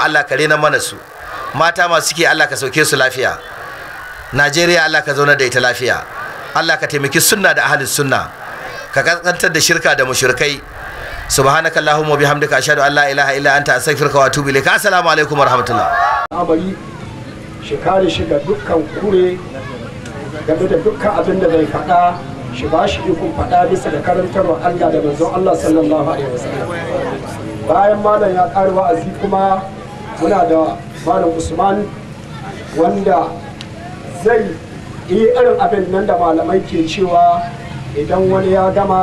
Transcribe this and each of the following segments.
mu Allah ka rena mana su mata masu ke Allah ka sauke su lafiya Najeriya Allah ka zauna da ita lafiya Allah ka taimaki sunna da ahlus sunna ka kaskantar da shirka da mushrikai subhanaka allahumma bihamdika ashhadu an la ilaha illa anta astaghfiruka wa atubu ilaik assalamu alaikum wa rahmatullah abari shi kare shi ga dukkan kure game da dukkan abin da bai faɗa shi ba shi ikon faɗa bisa da karantarwa Allah da manzon Allah sallallahu alaihi wasallam bayan malam ya ƙara wa'azi kuma muna da malam usman wanda zai yi irin abin nan da malamai ke cewa idan wani ya gama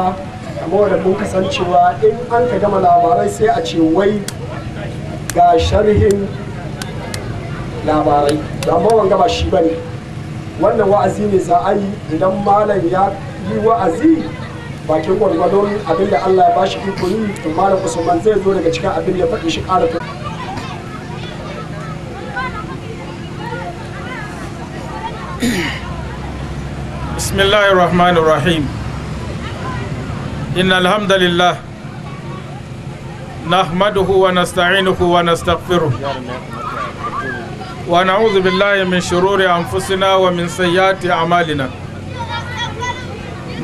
kamar da mun kasancewa in an ka gama labarai sai a ce wai ga sharhin labarai amma gaba ba shi bane wannan wa'azi ne za a yi idan malam ya yi wa'azi bakin gwargwadon abin da Allah ya bashi iko yi malam Usman zai zo daga cikin abin ya faɗi shi ƙara بسم الله الرحمن الرحيم إن الحمد لله نحمده ونستعينه ونستغفره ونعوذ بالله من شرور أنفسنا ومن سيئات أعمالنا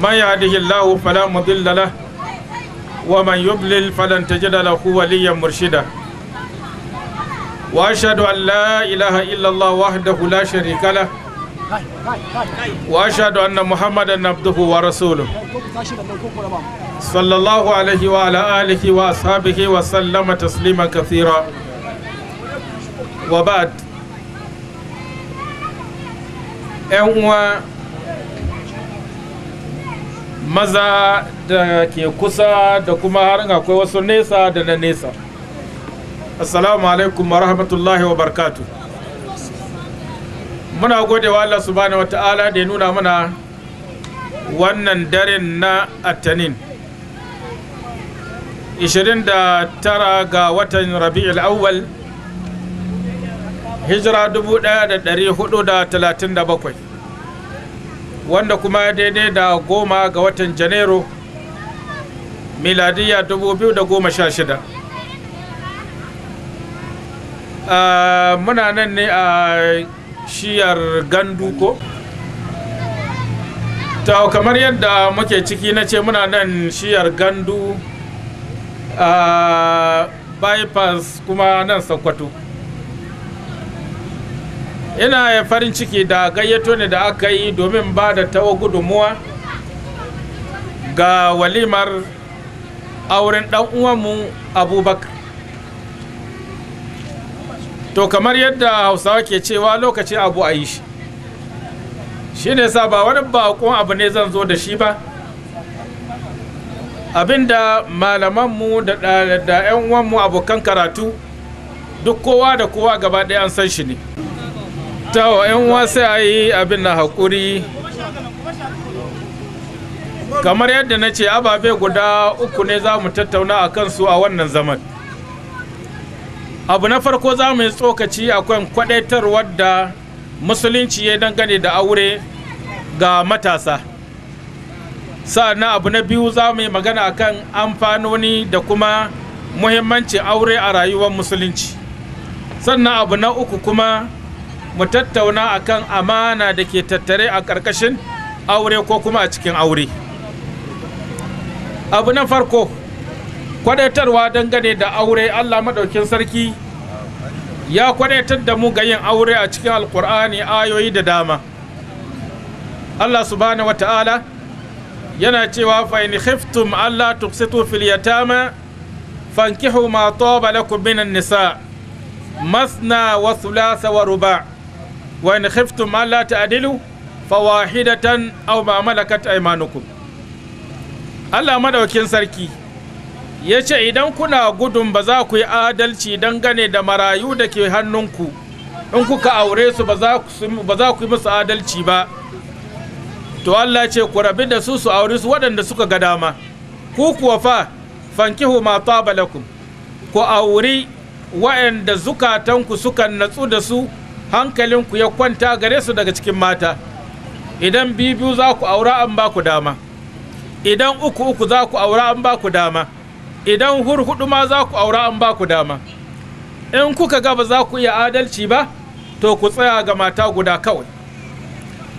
من يهده الله فلا مضل له ومن يضلل فلن تجد له وليا مرشدا وأشهد أن لا إله إلا الله وحده لا شريك له وأشهد أن محمدا عبده ورسوله صلى الله عليه وعلى آله وأصحابه وسلم تسليما كثيرا وبعد ‘yan maza da ke kusa da kuma har akwai wasu nesa da na nesa assalamu alaikum wa rahmatullahi wa barkatu. muna gode wa Allah subhanahu wata'ala da ya nuna mana wannan daren na atanin 29 ga watan rabi'ul awwal hijira 1437 wanda kuma daidai da goma ga watan janairu miladiya 2016 ah, muna nan ne a shiyar gandu ko ta kamar yadda muke ciki na ce muna nan shiyar gandu a bypass kuma nan sakwato? ina farin ciki da gayyato ne da aka yi domin ba da tawo gudunmuwa ga walimar auren uwanmu abubakar to kamar yadda hausawa ke cewa lokaci abu a yi shi shi ne sa ba wani bakon abu ne zan zo da shi ba abinda malamanmu da da 'yan abokan karatu duk kowa da kowa gaba ɗaya an san shi ne ta wa 'yan uwa sai a yi abin na haƙuri kamar yadda na ce ababe guda uku ne za mu tattauna a kansu a wannan zaman abu na farko za mu yi tsokaci akwai kwadaitarwar da musulunci ya dangane da aure ga matasa sa'annan abu na biyu za mu yi magana akan amfanoni da kuma muhimmanci aure a rayuwar musulunci sannan abu na uku kuma mu tattauna akan amana da ke tattare a ƙarƙashin aure ko kuma a cikin aure abu na farko kwadatarwa dangane da aure Allah maɗaukin sarki ya kwadatar da mu ga yin aure a cikin alkur'ani ayoyi da dama Allah subhanahu wa yana cewa fa in khiftum alla tuqsitu fil yatama fankihu ma taba lakum minan nisa masna wa thulatha wa ruba wa in khiftum alla ta'dilu fawahidatan aw ma malakat aymanukum Allah madaukin sarki ya ce idan kuna gudun ba za ku yi adalci dangane da marayu da ke hannunku in kuka aure su ba za ku yi musu adalci ba to Allah ce ku rabi da su su aure su waɗanda suka ga dama ku kuwa fa fankihu ma taba ku auri waɗanda zukatanku suka natsu da su hankalinku ya kwanta gare su daga cikin mata idan biyu za ku aura an ba ku dama idan uku uku za ku aura an ba ku dama idan hurhudu ma za ku aura an ba ku dama in kuka ga ba za ku iya adalci ba to ku tsaya ga mata guda kawai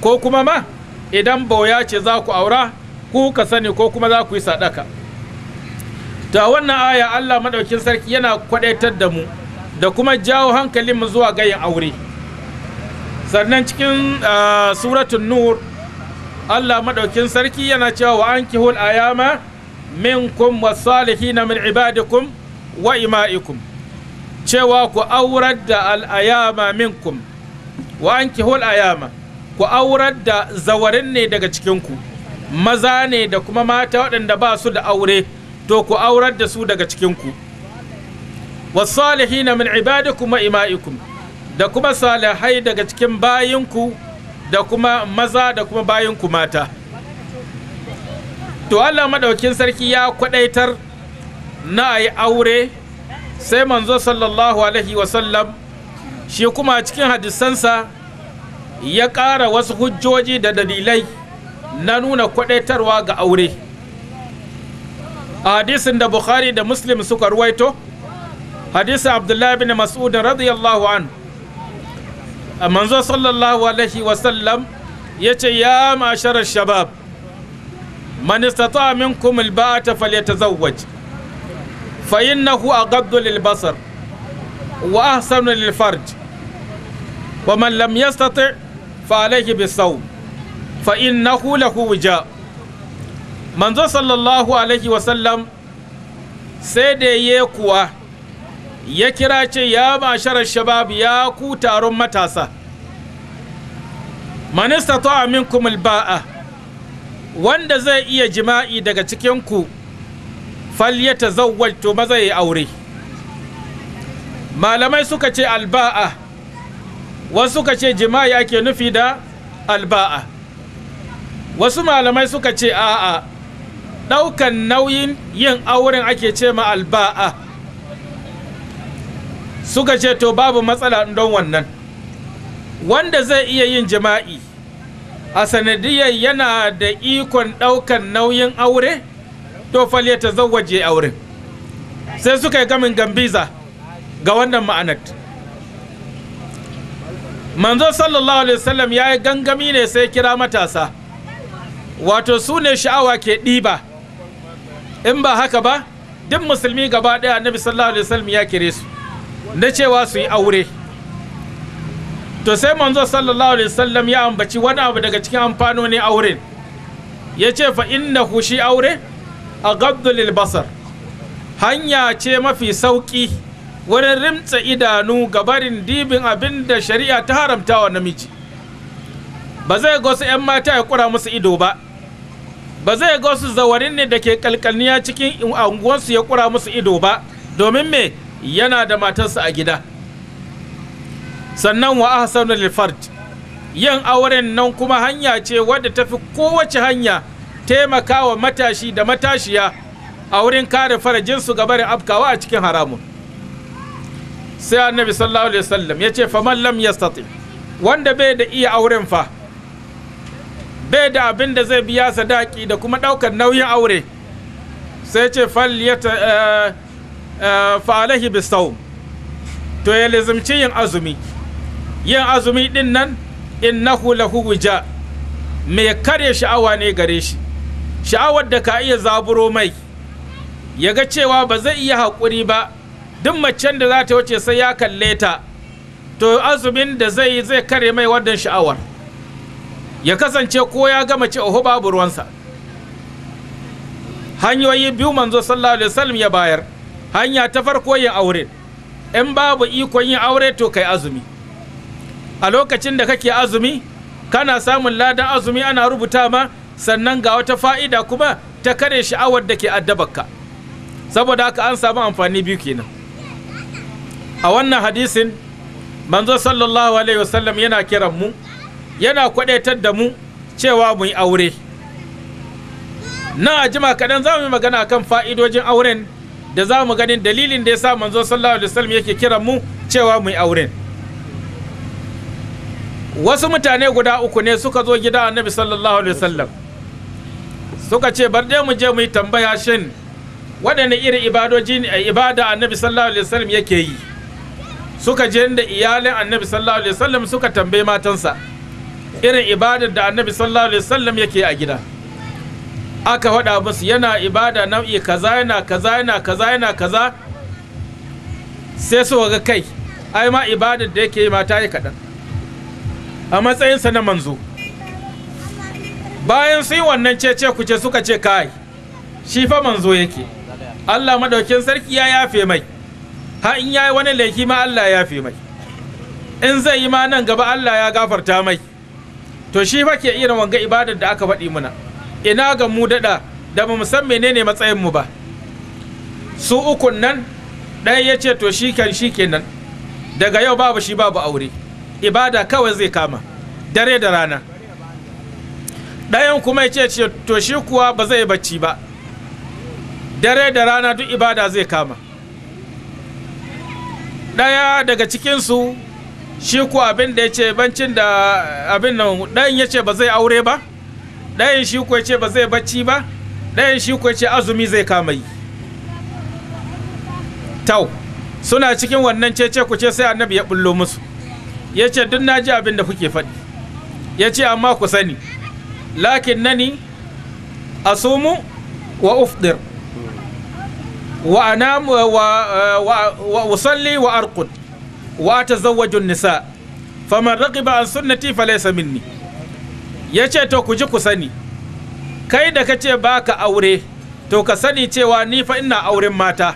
ko kuma ma idan bauya ce za ku aura ku ka sani ko kuma za ku yi sadaka ta wannan aya Allah madaukin sarki yana kwadaitar da mu da kuma jawo hankalin mu zuwa gayin aure sannan cikin ah, suratun nur Allah Maɗaukin sarki yana cewa wa ankihul ayama minkum salihina min ibadikum wa ima'ikum cewa ku aurar da al'ayama minkum wa an ayama ku aurar da zawarin ne daga cikinku maza ne da kuma mata waɗanda ba su da aure to ku aurar da su daga cikinku salihina min ibadikum wa ima'ikum da kuma salihai daga cikin bayinku da kuma maza da kuma bayinku mata to Allah madaukin sarki ya kwadaitar na ayi aure sai manzo sallallahu alaihi wasallam shi kuma cikin hadisansa ya ƙara wasu hujjoji da dalilai na nuna kwadaitarwa ga aure a hadisin da bukhari da muslim suka ruwaito hadisin abdullahi bin mas'udin radiyallahu an manzo sallallahu alaihi wasallam ya ce ya mashara shabab من استطاع منكم الباءة فليتزوج فإنه أغض للبصر وأحسن للفرج ومن لم يستطع فعليه بالصوم فإنه له وجاء من صلى الله عليه وسلم سيد يكوى يكراتي يا معشر الشباب يا كوتا رمتاسا من استطاع منكم الباءه wanda zai iya jima'i daga cikinku falyata zawwal to maza ya aure malamai suka ce alba'a wasu suka ce jima'i ake nufi da alba'a wasu malamai suka ce a'a ɗaukan nauyin yin auren ake ce ma alba'a suka ce to babu matsala don wannan wanda zai iya yin jima'i a sanadiyar yana da ikon ɗaukan nauyin aure to falle ta zawaje auren sai suka yi gamin gambiza ga wannan ma'anat manzo sallallahu alaihi wasallam ya yi gangami ne sai kira matasa wato su ne sha'awa ke ɗiba in ba haka ba duk musulmi gaba ɗaya annabi sallallahu alaihi wasallam ya kire su na cewa su yi aure to sai manzo sallallahu alaihi wasallam ya ambaci wani abu daga cikin amfanonin auren ya ce fa inna shi aure a gabdulil basar hanya ce mafi sauki wurin rimtsa idanu ga barin dibin abin da shari'a ta haramta wa namiji ba zai ga wasu 'yan mata ya kura musu ido ba ba zai ga wasu zawarin ne da ke kalkalniya cikin unguwansu ya kura musu ido ba domin me yana da matarsa a gida sannan wa ahsanu lil yin auren nan kuma hanya ce wadda tafi kowace hanya taimakawa matashi da matashiya a wurin kare farajinsu ga barin afkawa a cikin haramun sai annabi sallallahu alaihi wasallam ya ce faman lam yastati wanda bai da iya auren fa bai da abin da zai biya sadaki da kuma ɗaukar nauyin aure sai ce eh, eh, alahi bisawm to ya lazimci yin azumi yin azumi din nan in na hula wija mai kare sha'awa ne gare shi sha'awar da ka iya zaburo mai ya ga cewa ba zai iya haƙuri ba duk macen da za ta wuce sai ya kalle ta to azumin da zai yi zai kare mai wannan sha'awar ya kasance ko ya ga mace oho babu ruwansa hanyoyi biyu manzo sallallahu alaihi wasallam ya bayar hanya ta farko yin aure in babu ikon yin aure to kai azumi a lokacin da kake azumi kana samun ladan azumi ana rubuta ma sannan ga wata fa'ida kuma ta kare sha'awar da ke addabarka saboda haka an samu amfani biyu kenan a wannan hadisin manzo sallallahu alaihi wasallam yana kiran mu yana kwadaitar da mu cewa mu yi aure na jima kaɗan za mu yi magana akan fa'idojin auren da za mu ganin dalilin da ya sa manzo sallallahu alaihi wasallam yake kiran mu cewa mu yi auren wasu mutane guda uku ne suka zo gida annabi sallallahu alaihi wasallam suka ce bar dai mu je mu yi tambaya shin waɗanne irin ibadoji ne ibada annabi sallallahu alaihi wasallam yake yi suka je da iyalin annabi sallallahu alaihi wasallam suka tambaye matansa irin ibadar da annabi sallallahu alaihi wasallam yake a gida aka faɗa musu yana ibada nau'i kaza yana kaza yana kaza yana kaza sai su ga kai ai ma ibadar da yake yi mata yi kaɗan a matsayinsa na manzo bayan sun wannan cece kuce suka ce kai shi fa manzo yake Allah madaukin sarki ya yafe mai ha in yayi wani laifi ma Allah ya yafe mai in zai yi ma nan gaba Allah ya gafarta mai to shi fa ke irin wanga ibadar da aka faɗi muna ina ga mu daɗa da ba mu san menene matsayin mu ba su ukun nan ɗaya ya ce to shi kan shi kenan daga yau babu shi babu aure ibada kawai zai kama dare da rana ɗayan kuma ya ce to shi kuwa ba zai bacci ba dare da rana duk ibada zai kama ɗaya daga cikinsu shi kuwa abin da ya ce bancin da abin nan ɗayan ya ce ba zai aure ba ɗayan shi kuwa ce ba zai bacci ba ɗayan shi kuwa ce azumi zai kama yi tau suna cikin wannan cece ku ce sai annabi ya bullo musu ya ce duk na ji abin da kuke faɗi ya ce amma ku sani lakin nani sumu wa ufdir wa anamu wa usalli wa arqud wa zawajin nisa faman ba an sunnati falaysa minni ce to ku ji ku sani kai da ka ce ba ka aure to ka sani cewa ni fa ina auren mata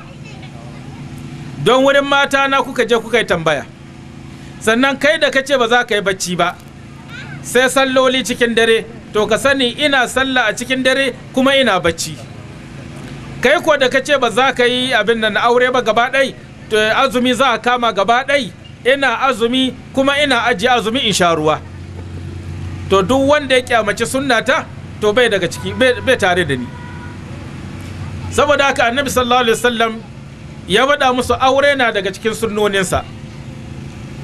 don wurin mata na kuka je kuka yi tambaya sannan kai da kace ba za ka yi bacci ba sai salloli cikin dare to ka sani ina sallah a cikin dare kuma ina bacci kai ko da kace ba za ka yi abin nan aure ba gaba ɗai to azumi za a kama gaba ɗai ina azumi kuma ina aji, azumi in sha ruwa to duk wanda ya kyamaci sunnata to bai daga ciki bai tare da ni saboda haka annabi sallallahu alaihi wasallam ya faɗa musu aure na daga cikin sunnoninsa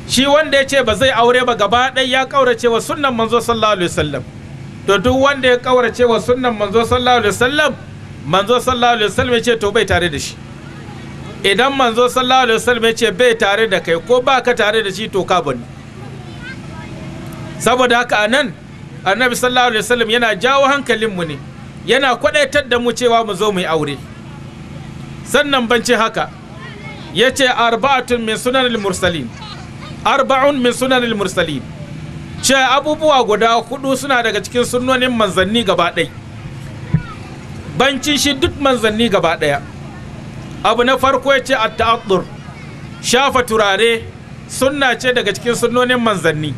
shi wanda ya ce ba zai aure ba gaba ɗaya ya ƙaurace wa sunan manzo sallallahu alaihi wasallam to duk wanda ya ƙaurace wa sunan manzo sallallahu alaihi wasallam manzo sallallahu alaihi wasallam ya ce to bai tare da shi idan manzo sallallahu alaihi wasallam ya ce bai tare da kai ko ba ka tare da shi to ka bani saboda haka anan annabi sallallahu alaihi wasallam yana jawo hankalinmu ne yana kwadaitar da mu cewa mu zo mu yi aure sannan bancin haka ya ce arba'atun min sunan al-mursalin arba'un min sunanil mursalin ce abubuwa guda hudu suna daga cikin sunanin manzanni gaba ɗai bancin shi duk manzanni gaba ɗaya abu na farko ya ce atta'addur shafa turare sunna ce daga cikin sunanin manzanni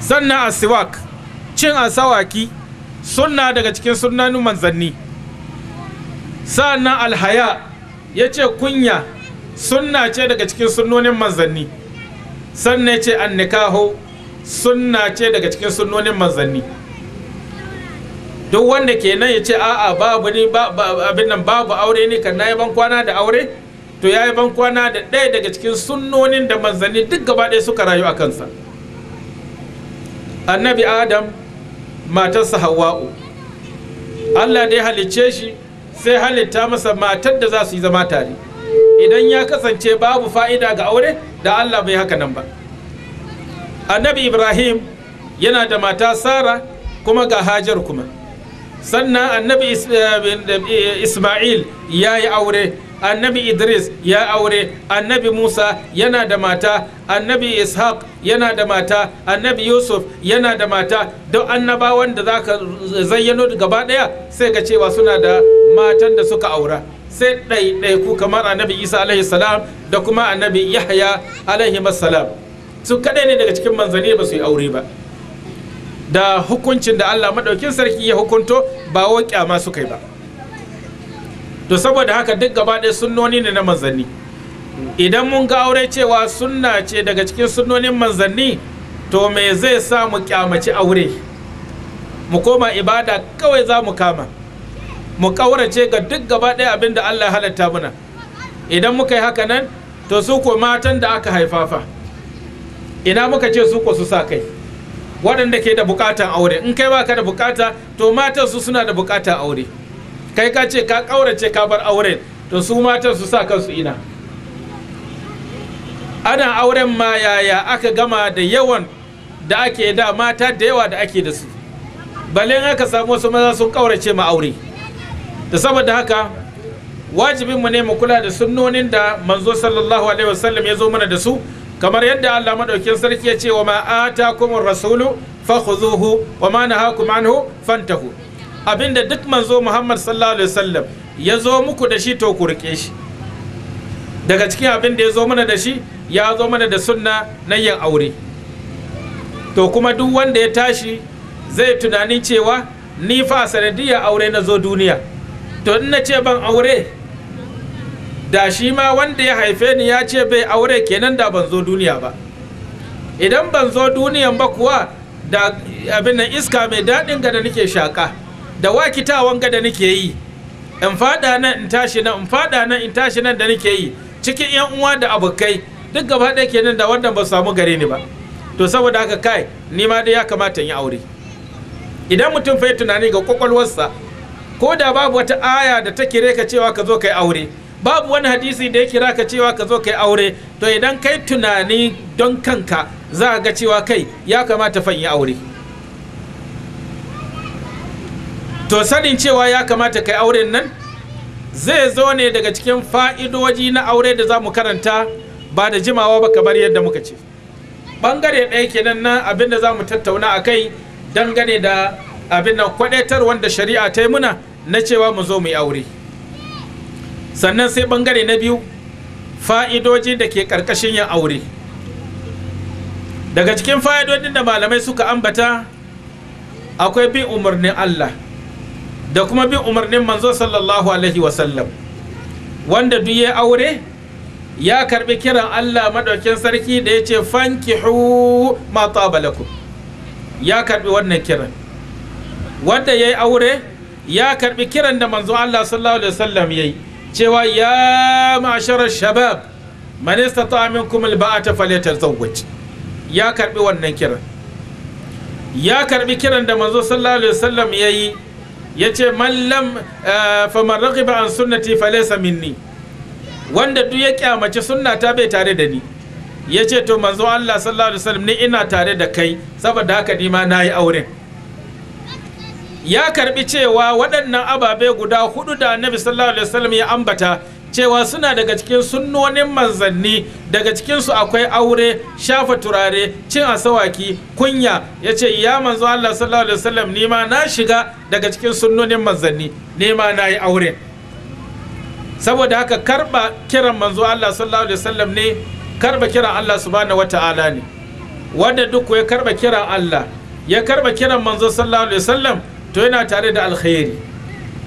sannan a siwak cin asawaki sunna daga cikin sunanin manzanni sannan alhaya ya ce kunya sunna ce daga cikin sunnonin manzanni sannan ce an nikaho sunna ce daga cikin sunnonin manzanni duk wanda ke nan ya ce a'a babu ni abin nan babu aure ne kan yi ban kwana da aure to ya yi ban da ɗaya daga cikin sunnonin da manzanni duk gaba ɗaya suka rayu a kansa annabi adam matarsa hawa'u allah da ya halicce shi sai halitta masa matar da za su yi zama tare idan ya kasance babu fa'ida ga aure da Allah bai haka nan ba annabi ibrahim yana da mata sara kuma ga hajar kuma sannan annabi eh, isma'il ya yi aure annabi idris ya yi aure annabi musa yana da mata annabi ishaq yana da mata annabi yusuf yana da mata don annabawan da za ka zayyano gaba ɗaya sai ka cewa suna da matan da suka aura sai ɗaiɗaiku kamar annabi isa alaihi salam da kuma annabi yahya alaihi salam su kaɗai ne daga cikin manzanni ba su yi aure ba da hukuncin da allah maɗaukin sarki ya hukunto ba wa ƙyama su kai ba to saboda haka duk gaba ɗaya sunnoni ne na manzanni idan mun ga aure cewa sunna ce daga cikin sunnonin manzanni to me zai sa mu ƙyamaci aure mu koma ibada kawai za mu kama mu kaurace ga duk gaba ɗaya abin da Allah halatta muna idan muka yi haka nan to su ko matan da aka haifafa ina muka ce su ko su sa kai waɗanda ke da bukatan aure in kai baka da bukata to matan su suna da bukatan aure kai ka ce ka kaurace ka bar auren to su matan su sa kansu ina ana auren ma yaya aka gama da yawan da ake da mata da yawa da ake da su balen aka samu wasu maza sun kaurace ma aure da saboda haka wajibinmu ne mu kula da sunnonin da manzo sallallahu alaihi wasallam ya zo mana da su kamar yadda Allah madaukin sarki ya ce wa ma atakumur rasulu fakhuzuhu wa ma nahakum anhu fantahu abinda duk manzo Muhammad sallallahu alaihi wasallam ya zo muku da shi to ku rike shi daga cikin abin da ya zo mana da shi ya zo mana da sunna na yin aure to kuma duk wanda ya tashi zai tunanin cewa ni fa sanadiyar aure na zo duniya to in na ce ban aure da shi ma wanda ya haife ni ya ce bai aure kenan da ban zo duniya ba idan ban zo duniyan ba kuwa da abin nan iska mai daɗin ga da nake shaka da wakitawan ga da nake yi in fada nan in tashi nan in fada nan in tashi nan da nake yi cikin yan uwa da abokai duk gaba ɗaya kenan da wannan ba samu gare ni ba to saboda haka kai ni ma dai ya kamata in yi aure idan mutum fa tunani ga kwakwalwarsa ko da babu wata aya da ta kire ka cewa ka zo kai aure babu wani hadisi da ya kira ka cewa ka zo kai aure to idan kai tunani don kanka za ga cewa kai ya kamata fa yi aure to sanin cewa ya kamata kai auren nan zai zo ne daga cikin fa'idoji na aure da za mu karanta ba da jimawa ba kamar yadda muka ce Bangare ɗaya kenan na abin da za mu tattauna a kai dangane da abin nan kwaɗaitar wanda shari'a ta yi muna na cewa mu zo mu yi aure sannan sai bangare na biyu fa'idoji da ke ƙarƙashin yin aure daga cikin fa'idodin da malamai suka ambata akwai bin umarnin Allah da kuma bin umarnin manzo sallallahu alaihi wasallam wanda duk ya aure ya karbi kiran Allah maɗaukin sarki da ya ce fankihu ma ya karbi wannan kiran wanda ya yi aure ya karbi kiran da manzo Allah sallallahu alaihi wasallam yayi cewa ya ma'ashara shabab man istata'a minkum alba'ata falyatazawwaj ya karbi wannan kiran ya karbi kiran da manzo sallallahu alaihi wasallam yayi yace man lam eh, man raghiba an sunnati falaysa minni wanda duk ya kyamaci sunnata bai tare da ni yace to manzo Allah sallallahu alaihi wasallam ni ina tare da kai saboda haka ni ma nayi auren ya karbi cewa waɗannan ababe guda hudu da annabi sallallahu alaihi wasallam ya ambata cewa suna daga cikin sunnonin manzanni daga cikinsu akwai aure shafa turare cin asawaki kunya ya ce ya manzo Allah sallallahu alaihi wasallam nima na shiga daga cikin sunnonin manzanni nima na yi aure saboda haka karba kiran manzo Allah sallallahu alaihi wasallam ne karba kiran Allah subhanahu wata'ala ne wanda duk ya karba kiran Allah ya karba kiran manzo sallallahu alaihi wasallam to yana tare da alkhairi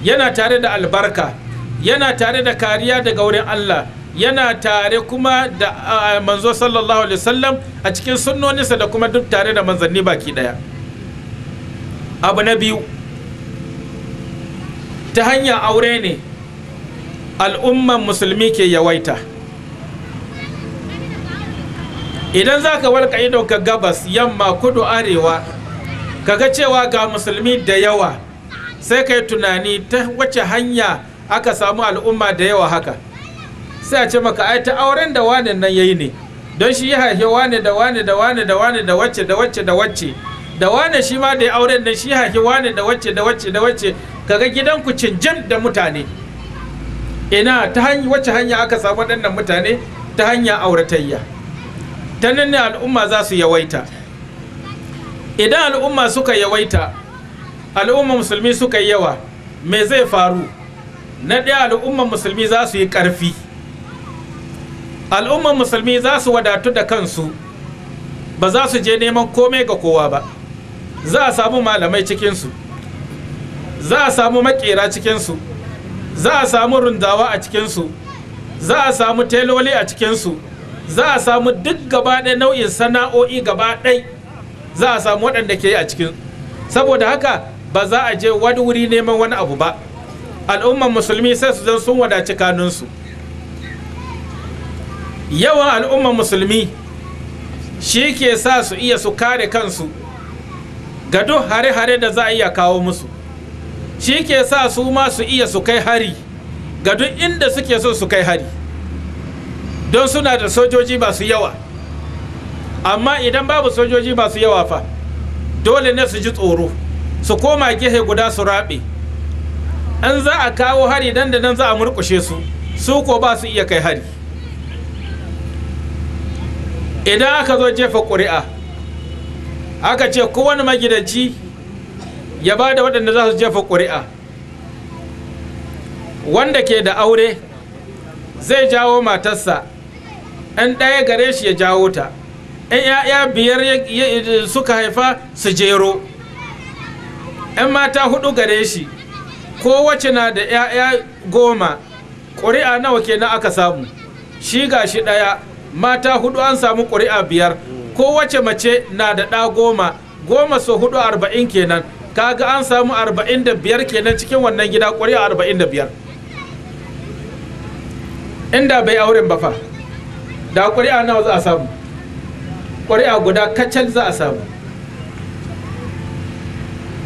yana tare da albarka yana tare da kariya daga wurin Allah yana tare kuma da manzo sallallahu alaihi wasallam a cikin sunnoninsa da kuma duk tare da manzanni baki daya abu na biyu ta hanyar aure ne al'umman musulmi ke yawaita idan za ka walƙa ka gabas yamma kudu arewa kaga cewa ga musulmi da yawa sai ka yi tunani ta wace hanya aka samu al'umma da yawa haka sai a ce maka ai ta auren da wane nan yayi ne don shi ya haife wane da wane da wane da wane da wacce da wacce da wacce da wane shi ma da auren nan shi haife wane da wacce da wacce da wacce kaga ku cinjin da mutane ina ta hanya wacce hanya aka samu waɗannan mutane ta hanya auratayya ta nan ne al'umma za su yawaita idan al'umma suka yawaita al'umma musulmi suka yi yawa me zai faru na ɗaya al'umman musulmi za su yi ƙarfi al'umman musulmi za su wadatu da kansu ba za su je neman komai ga kowa ba za a samu malamai cikinsu za a samu makera cikinsu za a samu rundawa a cikinsu za a samu teloli a cikinsu za a samu duk gaba ɗaya nau'in sana'o'i gaba ɗaya za a samu waɗanda ke yi a cikin saboda haka ba za a je wani wuri neman wani abu ba al'umman musulmi sai su zan sun wadaci kanunsu yawan al'umman musulmi shi ke sa su iya su kare kansu ga duk hare-hare da za a iya kawo musu shi ke sa su ma su iya su kai hari ga duk inda suke so su kai hari don suna da sojoji masu yawa amma idan babu sojoji masu yawa fa dole ne su ji tsoro su koma gehe guda su raɓe an za a kawo hari dan da nan za a murƙushe su su ko ba su iya kai hari idan aka zo jefa ƙuri'a aka ce kowane magidanci ya ba da waɗanda za su jefa ƙuri'a wanda ke da aure zai jawo matarsa ɗan ɗaya gare shi ya jawo ta in ya'ya biyar suka haifa su jero yan mata hudu gare shi kowace na da ya'ya goma ƙuri'a nawa kenan aka samu shi ga shi ɗaya mata hudu an samu ƙuri'a biyar kowace mace na da ɗa goma goma so hudu arba'in kenan kaga an samu arba'in da biyar kenan cikin wannan gida ƙuri'a arba'in da biyar inda bai auren ba fa da ƙuri'a nawa za a samu ƙuri'a guda kacal za a samu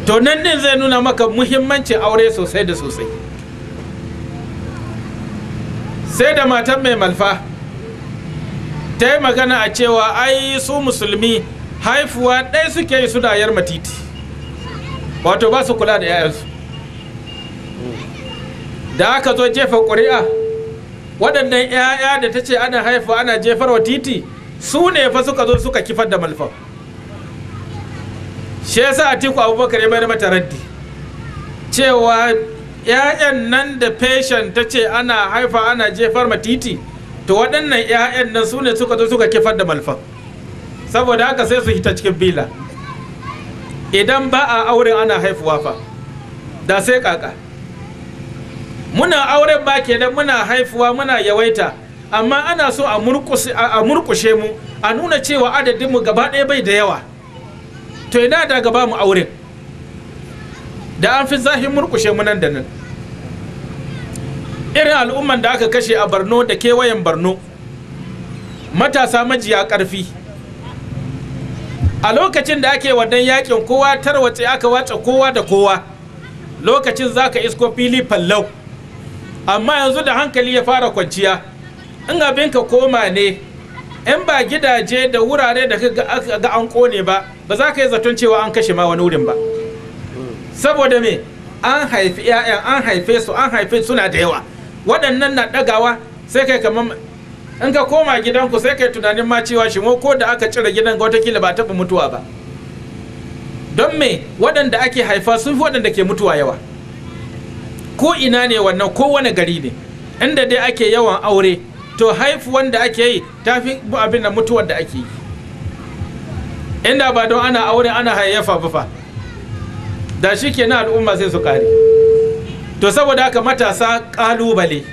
to nan ɗin zai nuna maka muhimmancin aure sosai da sosai sai da matan mai malfa ta yi magana a cewa ai su musulmi haifuwa ɗai suke yi suna yar matiti wato ba su kula da 'ya'yansu da aka zo jefa ƙuri'a waɗannan 'ya'ya da ta ce ana haifa ana jefar wa titi su ne fa suka zo suka kifar da malfa shi yasa atiku abubakar ya bar mata raddi cewa 'ya'yan nan da feshen ta ce ana haifa ana jefar ma titi to waɗannan 'ya'yan nan su ne suka zo suka kifar da malfa saboda haka sai su hita cikin bila idan ba a auren ana haifuwa fa da sai kaka muna auren ba kenan muna haifuwa muna yawaita amma ana so a murkushe mu a nuna cewa adadin mu gaba ɗaya bai da yawa to ina da gaba mu auren da an fi zahin murkushe mu nan da nan irin al'umman da aka kashe a barno da kewayen barno matasa majiya ƙarfi a lokacin da ake wannan yakin kowa tarwace aka wace kowa da kowa lokacin za ka isko fili fallau amma yanzu da hankali ya fara kwanciya in abin ka koma ne in ba gidaje da wurare da ga an kone ba ba za ka yi zaton cewa an kashe ma wani wurin ba saboda me an haifi 'ya'yan an haife su an haife suna da yawa waɗannan na ɗagawa sai kai kamar in ka koma gidanku sai kai tunanin ma cewa shi ko da aka cire gidan ga watakila ba taɓa mutuwa ba don me waɗanda ake haifa sun fi waɗanda ke mutuwa yawa ko ina ne wannan ko wani gari ne inda dai ake yawan aure to haifuwan da ake yi ta fi abin da mutuwar da ake yi inda ba don ana aure ana hayayyafa ba fa da shi ke na al'umma sai su kare to saboda haka matasa kalubale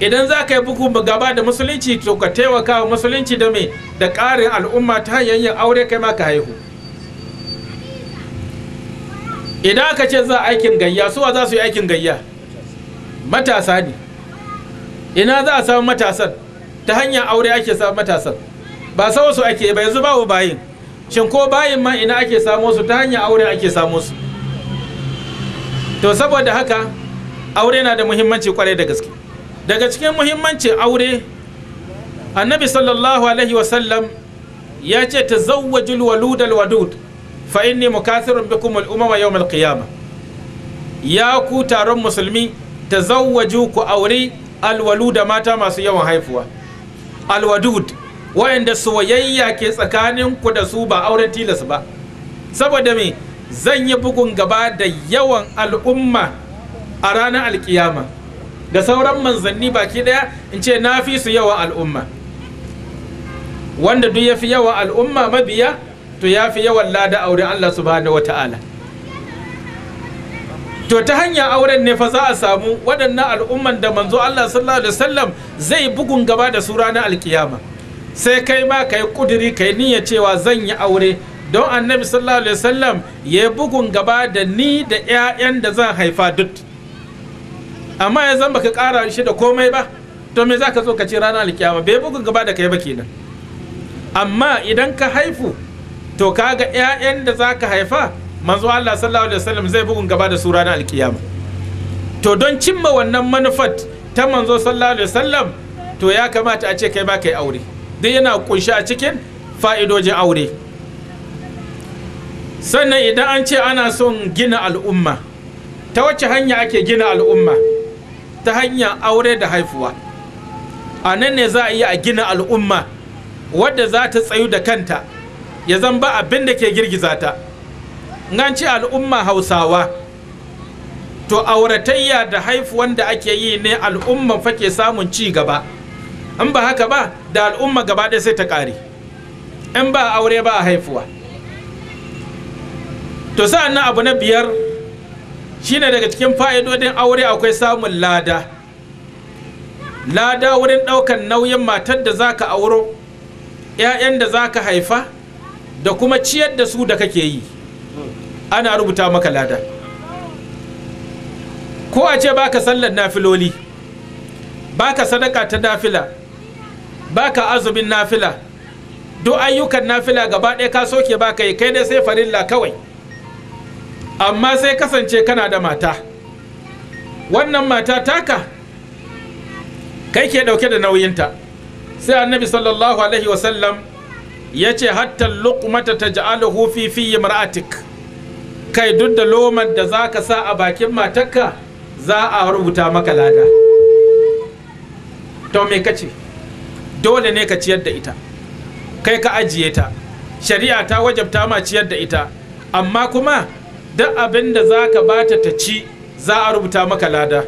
idan za ka yi bugu gaba da musulunci to ka taimaka wa musulunci da mai da karin al'umma ta hanyar yin aure kai ma ka haihu idan aka ce za aikin gayya suwa za su yi aikin gayya matasa ne ina za a samu matasan ta hanyar aure ake samu matasan ba sawa su ake ba yanzu babu bayin shin ko bayin ma ina ake samu su ta hanyar aure ake samu su to saboda haka aure na da muhimmanci kwarai da gaske daga cikin muhimmancin aure annabi sallallahu alaihi wasallam ya ce ta zawwajul waludal alwadud fa inni mukathirun bikum al umama yawm al qiyamah ya ku taron musulmi ta zauwa ku aure alwalu da mata masu yawan haifuwa alwadud wayanda soyayya ke tsakanin ku da su ba auren tilas ba saboda me zan yi bugun gaba da yawan al'umma a ranar alkiyama da sauran manzanni baki daya in ce na fi su yawa al'umma wanda duk ya fi yawan al'umma mabiya to ya fi yawan lada aure Allah subhanahu wa ta'ala to ta hanyar auren ne fa za a samu waɗannan al'umman da manzo Allah sallallahu alaihi wasallam zai bugun gaba da su ranar alkiyama sai kai ma kai kuduri kai niyya cewa zan yi aure don annabi sallallahu alaihi wasallam ya bugun gaba da ni da 'ya'yan da zan haifa duk amma ya zan baka ƙara shi da komai ba to me zaka zo ka ce ranar alkiyama bai bugun gaba da kai ba kenan amma idan ka haifu to kaga 'ya'yan da zaka haifa manzo Allah sallallahu alaihi wasallam zai bugun gaba da sura na alkiyama to don cimma wannan manufar ta manzo sallallahu alaihi wasallam to ya kamata a ce kai ma kai aure duk yana kunshi a cikin fa'idojin aure sannan idan an ce ana son gina al'umma ta wacce hanya ake gina al'umma ta hanyar aure da haifuwa a nan ne za a yi a gina al'umma wadda za ta tsayu da kanta ya zan ba abin da ke girgiza ta ganci al'umma hausawa to auratayya da haifu wanda ake yi ne fa fake samun ci gaba in ba haka ba da al'umma gaba ɗaya sai ta ƙare in ba aure ba a haifuwa to sa'an nan abu na biyar shine daga cikin fa'idodin aure akwai samun lada lada wurin ɗaukan nauyin matar da zaka auro 'ya'yan da zaka haifa da kuma ciyar da su da kake yi ana rubuta maka lada ko a ce baka sallar nafiloli baka sadaka ta nafila baka azumin nafila duk ayyukan nafila gaba ɗaya ka soke baka yi kai ne sai farilla kawai amma sai kasance kana da mata wannan mata taka kai ke ɗauke da nauyinta sai annabi sallallahu alaihi wasallam ya ce hatta luqmata taj'aluhu fi fiye mar'atik kai duk da loman da za ka sa a bakin matarka za a rubuta maka lada to me ka ce dole ne ka ciyar da ita kai ka ajiye ta shari'a ta wajabta ma ciyar da ita amma kuma duk abin da za ka bata ta ci za a rubuta maka lada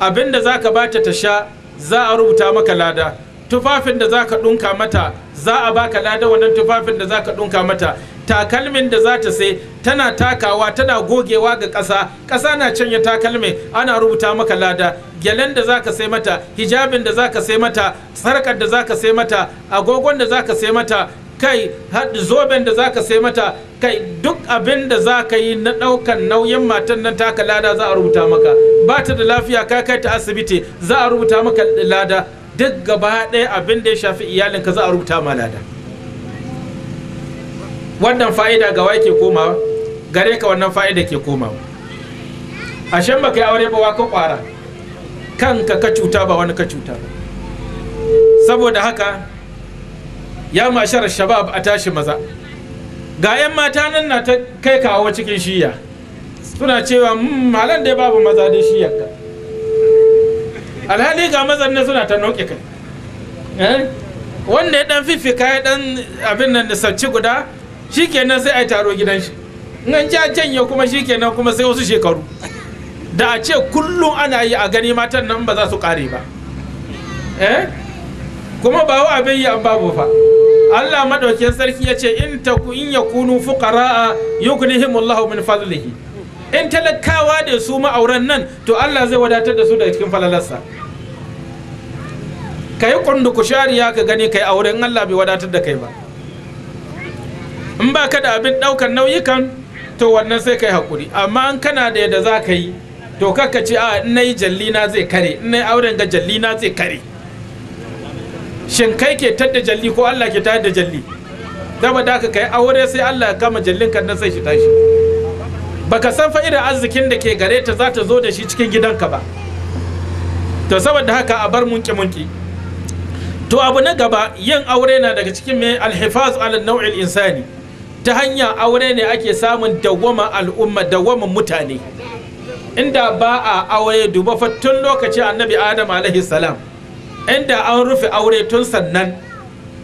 abin da za ka bata ta sha za a rubuta maka lada tufafin da za ka ɗunka mata za a baka lada wannan tufafin da za ka ɗunka mata takalmin da za ta sai tana takawa tana gogewa ga ƙasa ƙasa na canya takalmin ana rubuta maka lada gyalen da zaka sai mata hijabin da zaka sai mata sarkar da zaka sai mata agogon da zaka sai mata kai zoben da zaka sai mata kai duk abin da za ka yi na ɗaukan nauyin matan nan taka lada za a rubuta maka ba ta da lafiya ka kai ta asibiti za a rubuta maka lada duk gaba ɗaya abin da ya shafi iyalinka za a rubuta ma lada wannan fa'ida ga ke koma gare ka wannan fa'ida ke koma. A shan baka yi aure ba ka kwara kanka ka cuta ba wani ka cuta saboda haka ya mashar shabab a tashi maza ga 'yan mata nan na ta kai kawo cikin shiya suna cewa halan hmm, dai babu maza da shiyar ka alhali ga mazan nan suna ta noke kai eh? wanda ya dan fifika ya dan abin nan da sarci guda shikenan sai a taro gidan shi in an ja janye kuma shikenan kuma sai wasu shekaru da a ce kullum ana yi a gani matan nan ba za su kare ba eh kuma ba wa abin yi an babu fa Allah madaukin sarki ya ce in ta in ya kunu fuqara'a yughnihim Allahu min fadlihi in talakawa da su ma'auran nan to Allah zai wadatar da su daga cikin falalarsa kai kundu kushariya ka gani kai auren Allah bai wadatar da kai ba in ba ka da abin ɗaukar nauyukan to wannan sai kai hakuri. amma an kana da yadda za ka yi to kakka ce a in na yi jallina zai kare in na yi auren ga jallina zai kare shin kai ke tadda jalli ko allah ke tadda jalli dama da ka kai aure sai allah ya kama jallin kan sai shi tashi baka san fa'idar arzikin da ke gare ta za ta zo da shi cikin gidanka ba to saboda haka a bar munki munki to abu na gaba yin aure na daga cikin mai alhifaz ala nau'il insani ta hanyar aure ne ake samun dawwama al'umma dawwama mutane inda ba a aure duba fa tun lokacin annabi adam alaihi salam inda an rufe aure tun sannan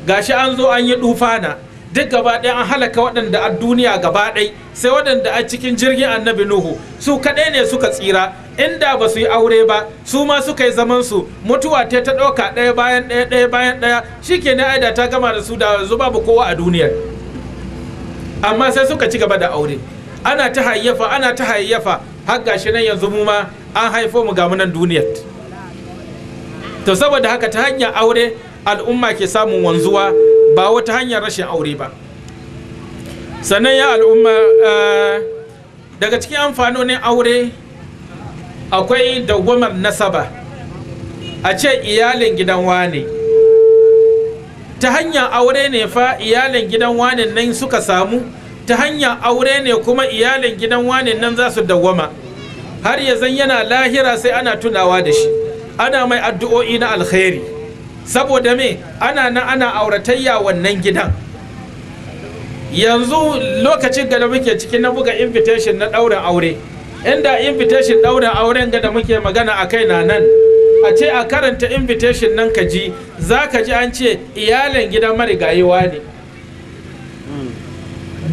gashi an zo an yi dufana duk gaba ɗaya an halaka waɗanda a duniya gaba ɗaya sai waɗanda a cikin jirgin annabi nuhu su kaɗai ne suka tsira inda ba su yi aure ba su ma suka yi zaman su mutuwa ta ta ɗauka ɗaya bayan ɗaya ɗaya bayan ɗaya shikenan aida ta gama da su da zuba babu kowa a duniyar amma sai suka ci gaba da aure ana ta hayyafa ana ta hayyafa har gashi nan yanzu mu ma an haifo mu ga munan duniyar to saboda haka ta hanyar aure al'umma ke samun wanzuwa ba wata hanyar rashin aure ba sannan ya al'umma eh, daga cikin amfanonin aure akwai dawwamar nasaba a ce iyalin gidan wane ne ta hanyar aure ne fa iyalin gidan wanin nan suka samu ta hanyar aure ne kuma iyalin gidan wanin nan za su dawwama har ya zan yana lahira sai ana tunawa da shi ana mai addu'o'i na alkhairi saboda me ana nan ana auratayya wannan gidan yanzu lokacin da muke cikin na buga invitation na ɗaurin aure inda invitation ɗaurin auren ga da muke magana a kai na nan a ce a karanta invitation nan ka ji za ka ji an ce iyalan gidan marigayiwa ne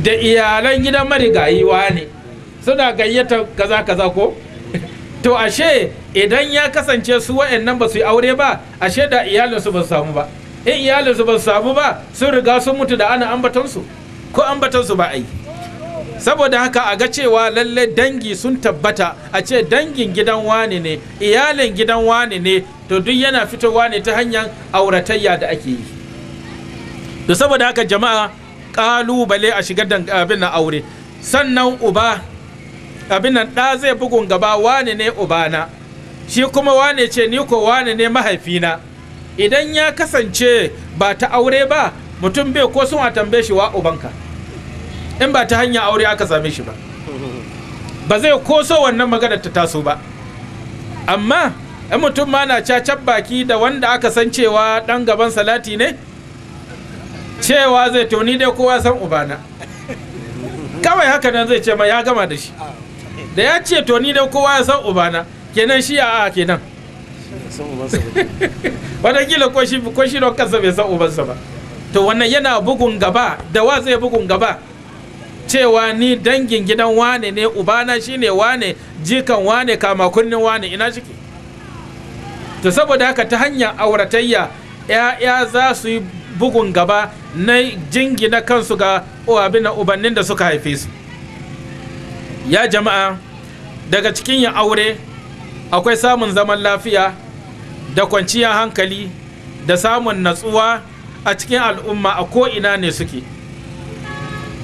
da iyalan gidan marigayiwa ne suna gayyata kaza kaza ko to ashe idan ya kasance su wa'annan ba su yi aure ba ashe da iyalinsu ba su samu ba in iyalinsu ba su samu ba sun riga sun mutu da ana ambatansu ko ambatansu ba a yi saboda haka a ga cewa lalle dangi sun tabbata a ce dangin gidan wani ne iyalin gidan wani ne to duk yana fitowa ne ta hanyar auratayya da ake yi to saboda haka jama'a kalubale a shigar abin na aure sannan uba abin nan ɗa zai bugun gaba wani ne ubana shi kuma wane ce ni ko wane ne mahaifina idan ya kasance ba ta aure ba mutum bai ko sun a tambaye shi wa ubanka in ba ta hanya aure aka same shi ba ba zai koso wannan maganar ta taso ba amma in mutum ma na cacan baki da wanda aka san cewa dan gaban salati ne cewa zai to ni dai kowa san ubana kawai haka nan zai ce ma ya gama da shi da ya ce to ni dai kowa ya san ubana kenan shi a a kenan watakila ko shi don kansa bai san ubansa ba to wannan yana bugun gaba da wa zai bugun gaba cewa ni dangin gidan wane ne ubana shine wane jikan wane kama kunnin wane ina ciki to saboda haka ta hanyar auratayya ‘ya'ya za su yi bugun gaba na jingina kansu ga abin ubannin da suka haife su ya jama'a daga cikin yin aure akwai samun zaman lafiya da kwanciyar hankali da samun natsuwa a cikin al'umma a ko'ina ne suke.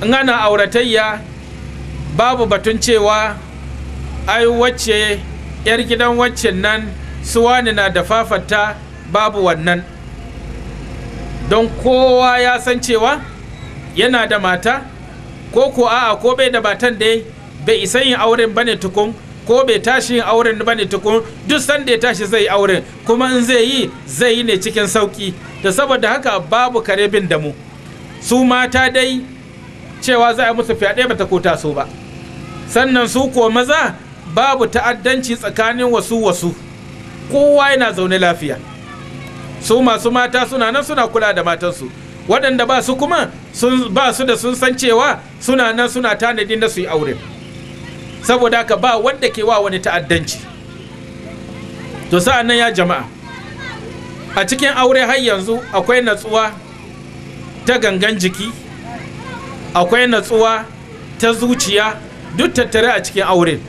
in ana auratayya babu batun cewa ai wacce 'yar gidan waccan nan suwani na da fafata babu wannan don kowa ya san cewa yana da mata ko ko a'a ko bai da matan dai bai isa yin auren bane tukun ko bai tashi yin auren bane tukun duk sanda ya tashi zai yi auren kuma in zai yi zai yi ne cikin sauki da saboda haka babu kare bin da mu su mata dai cewa za a musu fyaɗe ta ko taso ba sannan su ko maza babu ta'addanci tsakanin wasu wasu kowa yana zaune lafiya su masu mata suna nan suna kula da matansu waɗanda ba su kuma ba su da sun san cewa suna nan suna tanadi na su yi aure saboda haka ba wanda ke wa wani ta'addanci to sa'an nan ya jama'a a cikin aure har yanzu akwai natsuwa ta gangan jiki akwai natsuwa ta zuciya duk tattare a cikin auren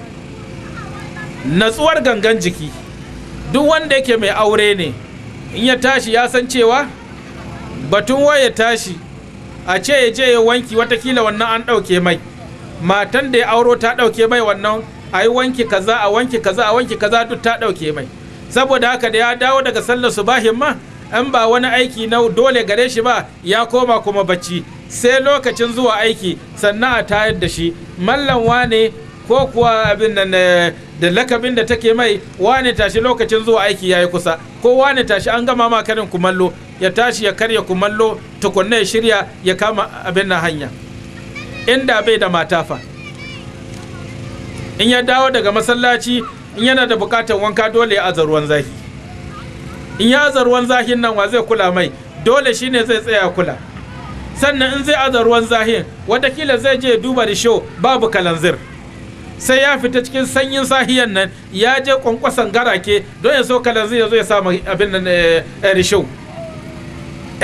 natsuwar gangan jiki duk wanda yake mai aure ne in ya tashi ya san cewa batun waya tashi a ce ya je ya wanki watakila wannan an ɗauke mai matan da ya auro ta ɗauke mai wannan a yi wanki kaza a wanki kaza a wanki kaza duk ta ɗauke mai saboda haka da ya dawo daga sallar su subahin ma an ba wani aiki na dole gare shi ba ya koma kuma bacci sai lokacin zuwa aiki sannan a tayar da shi mallan wane ko kuwa abin nan eh, da lakabin da take mai wane tashi lokacin zuwa aiki ya yi kusa ko wane tashi an gama ma karin kumallo ya tashi ya karya kumallo tukunna ya shirya ya kama abin nan hanya inda bai da matafa in ya dawo daga masallaci in yana da bukatar wanka dole a aza ruwan in ya aza ruwan zahin nan wa zai kula mai dole shine zai tsaya kula sannan in zai aza ruwan zahin watakila zai je duba da show babu kalanzir sai ya fita cikin sanyin sahiyan nan ya je kwankwasan garake don ya so kalanzir ya zo ya samu abin nan risho eh,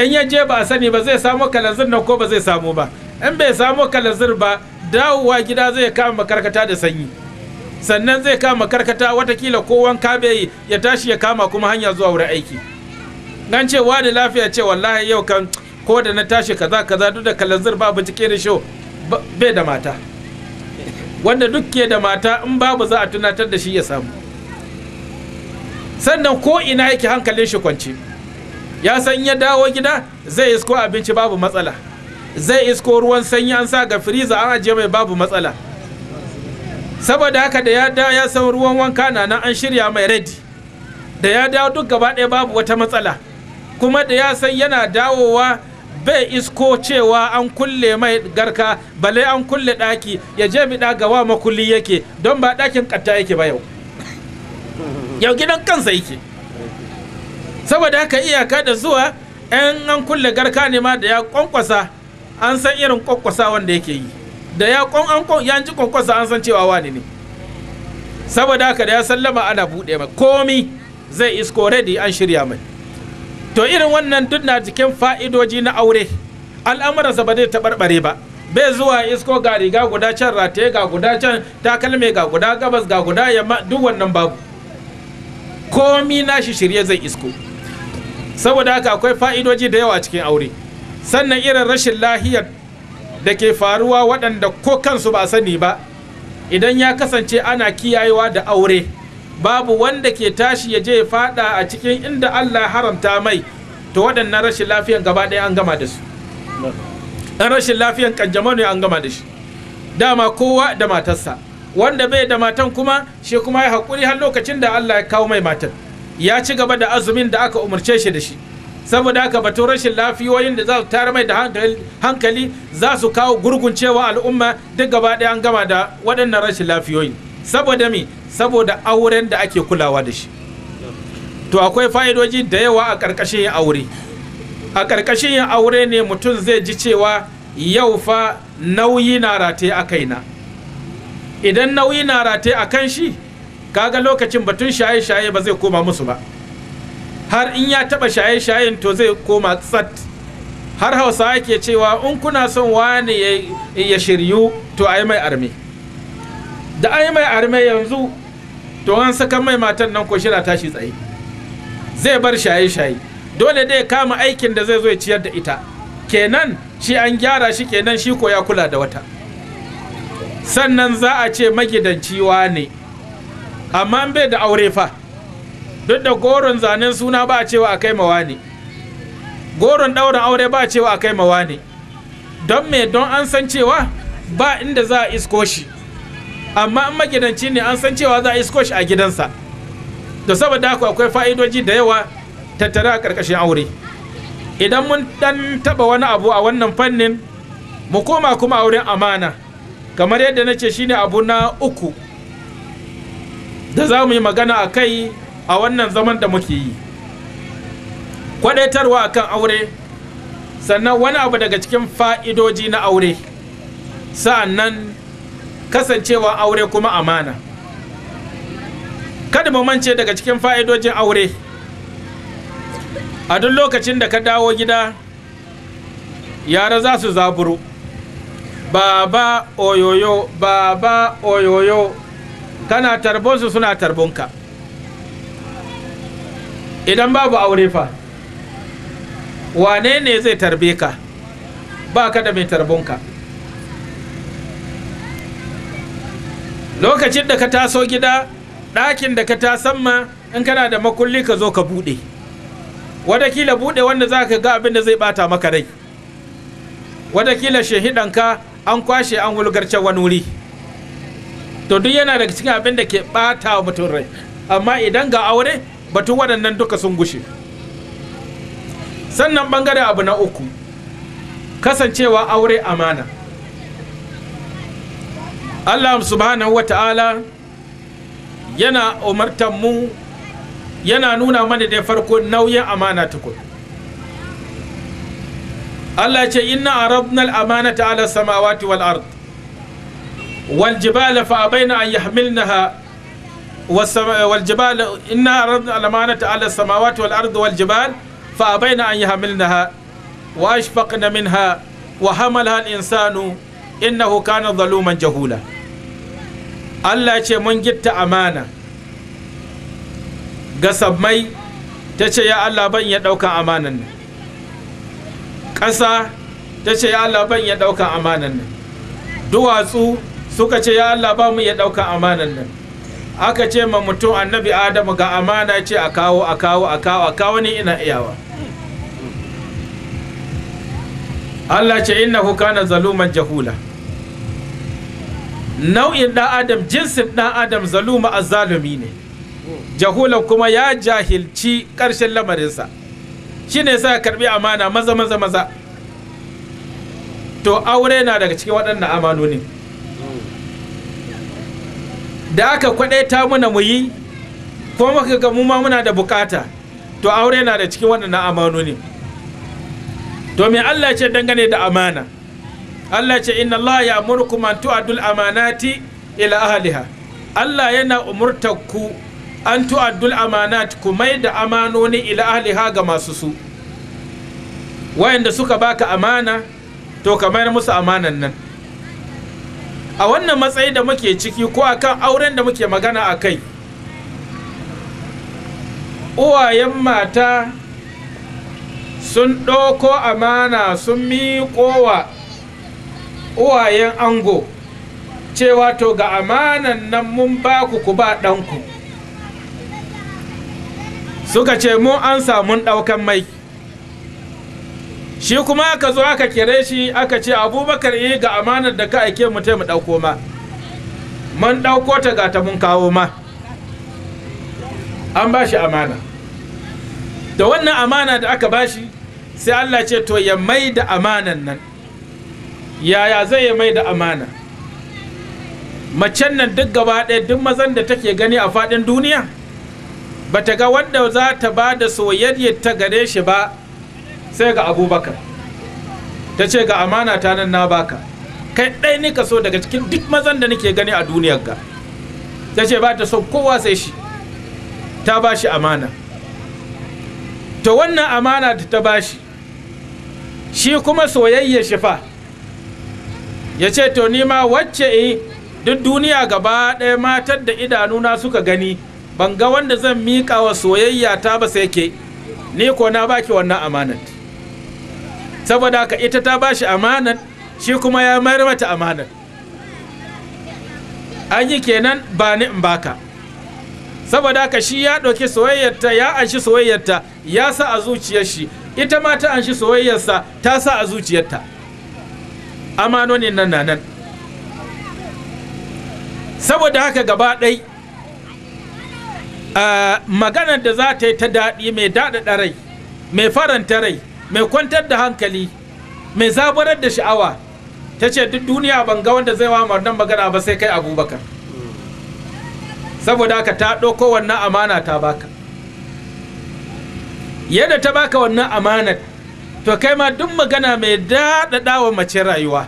eh, in ya je ba a sani ba zai samu kalanzir nan ko ba zai samu ba in bai samu kalanzir ba dawowa gida zai kama makarkata da sanyi sannan zai kama karkata watakila ko wanka bai ya tashi ya kama kuma hanya zuwa wuri aiki nan ce wani lafiya ce wallahi yau kan ko da na tashi kaza kaza duk da kalanzir babu cike da show bai da mata wanda duk ke da mata in babu za a tunatar da shi ya samu sannan ko ina yake hankalin shi kwance ya san ya dawo gida zai isko abinci babu matsala zai isko ruwan sanyi an sa ga firiza an ajiye mai babu matsala saboda haka da ya da ya san ruwan wanka na nan an shirya mai redi da ya dawo duk gaba ɗaya babu wata matsala kuma da ya san yana dawowa bai isko cewa an kulle mai garka bale an kulle ɗaki ya je mi gawa makulli yake don ba ɗakin ƙatta yake ba yau yau gidan kansa yake saboda haka iyaka da zuwa 'yan an kulle garka ne ma da ya kwankwasa an san irin kwankwasa wanda yake yi da ya kon an kon ya ji kwankwasa an san cewa wani ne saboda haka da ya sallama ana buɗe mai komi zai isko ready an shirya mai to irin wannan duk na jikin fa'idoji na aure al'amuransa ba zai taɓarɓare ba bai zuwa isko ga riga guda can rataye ga guda can takalme ga guda gabas ga guda yamma duk wannan babu komi shi shirye zai isko saboda haka akwai fa'idoji da yawa cikin aure sannan irin rashin lahiyar da ke faruwa waɗanda ko kansu ba sani ba idan ya kasance ana kiyayewa da aure babu wanda ke tashi ya je ya fada a cikin inda Allah haramta mai to waɗannan rashin lafiyan gaba ɗaya an gama da su ɗan rashin lafiyan an gama da shi dama kowa da matarsa wanda bai da matan kuma shi kuma ya haƙuri har lokacin da Allah ya kawo mai matan ya ci gaba da azumin da aka umarce shi da shi saboda haka batun rashin lafiyoyin da za su tara mai da hankali za su kawo gurguncewa al'umma duk gaba ɗaya an gama da waɗannan rashin lafiyoyin saboda me saboda auren da ake kulawa da shi to akwai fa'idoji da yawa a ƙarƙashin yin aure a ƙarƙashin yin aure ne mutum zai ji cewa yau fa nauyi na rataye a kaina idan nauyi na rataye a kan shi kaga lokacin batun shaye-shaye ba zai koma musu ba har in ya taba shaye-shayen to zai koma tsat har hausa ke cewa in kuna son wani ya shiryu to a yi mai arme da a yi mai arme yanzu to an saka mai matan nan ko shira tashi tsaye zai bar shaye-shaye dole dai kama aikin da zai zo ya ciyar da ita kenan shi an gyara shi kenan shi ko ya kula da wata sannan za a ce magidanci ne amma bai da aure fa duk da goron zanen suna ba cewa a kai mawa ne goron ɗaurin aure ba cewa a kai mawa ne don me don an san cewa ba inda za a isko shi amma in magidanci ne an san cewa za a isko shi a gidansa da saboda haka akwai fa'idoji da yawa tattare a ƙarƙashin aure idan mun dan taba wani abu a wannan fannin mu koma kuma auren amana kamar yadda na ce shine abu na uku da za mu yi magana a kai a wannan zaman da muke yi kwadaitarwa kan aure sannan wani abu daga cikin fa'idoji na aure sa'annan kasancewa aure kuma amana kada mu mance daga cikin fa'idojin aure a duk lokacin da ka dawo gida yara za su zaburu baba oyoyo baba oyoyo kana tarbonsu suna tarbonka idan babu aure fa wane ne zai tarbe ka ba ka da mai ka. lokacin da ka taso gida ɗakin da ka tasamma in kana da makulli ka zo ka buɗe wadakila buɗe wanda za ka ga abin da zai bata maka rai wadakila shahidanka an kwashe an wulgarce wani wuri to duk yana daga cikin abin da ke bata mutum rai amma idan ga aure batun waɗannan duka sun gushe sannan ɓangaren abu na uku kasancewa aure amana allah subhanahu ta'ala yana umartan mu yana nuna mana da farko nauyin amana tukun allah ce inna arabnal al-amanata ala samawati wal ard wal jibala fa abaina an yahmilnaha والجبال إنا عرضنا الأمانة على السماوات والأرض والجبال فأبين أن يحملنها وأشفقن منها وحملها الإنسان إنه كان ظلوما جهولا Allah ce mun gitta amana ga ta ce ya Allah ban ya ɗaukan amanan nan ƙasa ta ce ya Allah ban ya ɗaukan amanan nan duwatsu suka ce ya Allah ba mu ya ɗaukan amanan nan aka ce ma mutum annabi adamu ga amana ce a kawo a kawo a kawo a kawo ni ina iyawa Allah ce kuka kana zaluman jahula nau'in ɗan adam jinsin ɗan adam zaluma azzalumi ne Jahula kuma ya jahilci ƙarshen lamarinsa shi ne sa karɓi amana maza maza maza to aure na daga cikin waɗannan amanonin da aka ta muna mu yi ko maka ga mu ma muna da bukata to aure na da cikin waɗannan amanoni to me Allah ce dangane da amana Allah ce inna Allah ya amurkum man tu'adul amanati ila ahliha Allah yana umurtakku an tu'adul amanat ku mai da amanoni ila ahliha ga masu su wayanda suka baka amana to kamar musu amanan nan a wannan matsayi da muke ciki ko a kan auren da muke magana a kai uwayen mata sun ɗauko amana sun miƙowa uwayen ango cewa to ga amanan nan mun ba ku ku ba ɗanku suka ce mun an samun ɗaukan mai shi kuma aka zo aka kere shi aka ce abubakar yi eh, ga amanar da ka aike mu mu ɗauko ma mun ɗauko ta ga ta mun kawo ma an ba shi amana da wannan amana da aka ba shi sai allah ce to ya mai da amanan nan yaya zai ya mai da amana macen nan duk gaba ɗaya duk mazan da take gani a faɗin duniya ba ta ga wanda za ta ba da soyayyar ta gare shi ba sai ga abubakar ta ce ga amana ta nan na baka kai ɗai ni so daga cikin duk mazan da nake gani a duniyar ga ta ce ba ta so kowa sai shi ta ba shi amana to wannan amana da ta ba shi shi kuma soyayya shi fa ya ce to ni ma wacce duk duniya gaba ɗaya matar da idanuna suka gani ban ga wanda zan miƙa wa soyayya ta ba sai ke ni ko na baki wannan amanat saboda haka ita ta ba shi amanar shi kuma ya mayar mata amanar an yi kenan ba ni in baka saboda haka shi ya ɗauki soyayyarta ya anshi soyayyarta ya sa a zuciyar shi ita ma ta anshi soyayyarsa ta sa a zuciyarta Amanoni nan na nan saboda haka gaba ɗai ah, maganar da za ta yi ta daɗi mai daɗaɗa rai mai faranta rai mai kwantar da hankali mai zabarar da sha'awa ta ce duk duniya ban ga wanda zai wa mardan magana ba sai kai abubakar saboda ka ta ɗauko wannan amana ta baka yadda ta baka wannan amanar to kai ma duk magana mai daɗaɗa wa mace rayuwa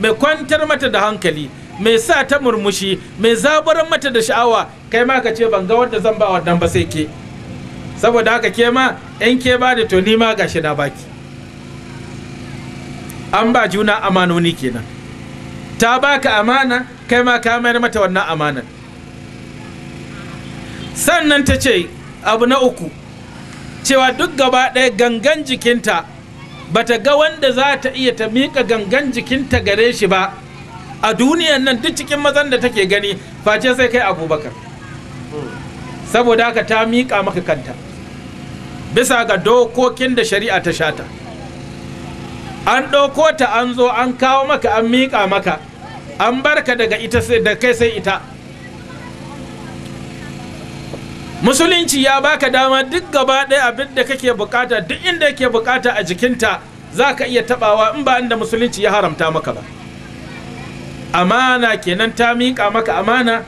mai kwantar mata da hankali mai sa ta murmushi mai zaburar mata da sha'awa kai ma ka ce ban ga wanda zan ba wannan ba sai ke saboda haka ke ma yan ke ba da toni ma gashi na baki an ba juna amanoni kenan ta baka amana kai ma ka mayar mata wannan amana sannan ta ce abu na uku cewa duk gaba ɗaya gangan jikinta bata ga wanda za ta iya ta miƙa gangan jikinta gare shi ba a duniyan nan duk cikin mazan da take gani face sai kai abubakar saboda haka ta miƙa maka kanta bisa ga dokokin da shari'a ta shata an ɗauko ta an zo an kawo maka an miƙa maka an barka daga ita da kai sai ita musulunci ya baka dama duk gaba ɗaya abin da kake bukata duk inda yake bukata a jikinta za ka iya tabawa in ba inda musulunci ya haramta maka ba amana kenan ta miƙa maka amana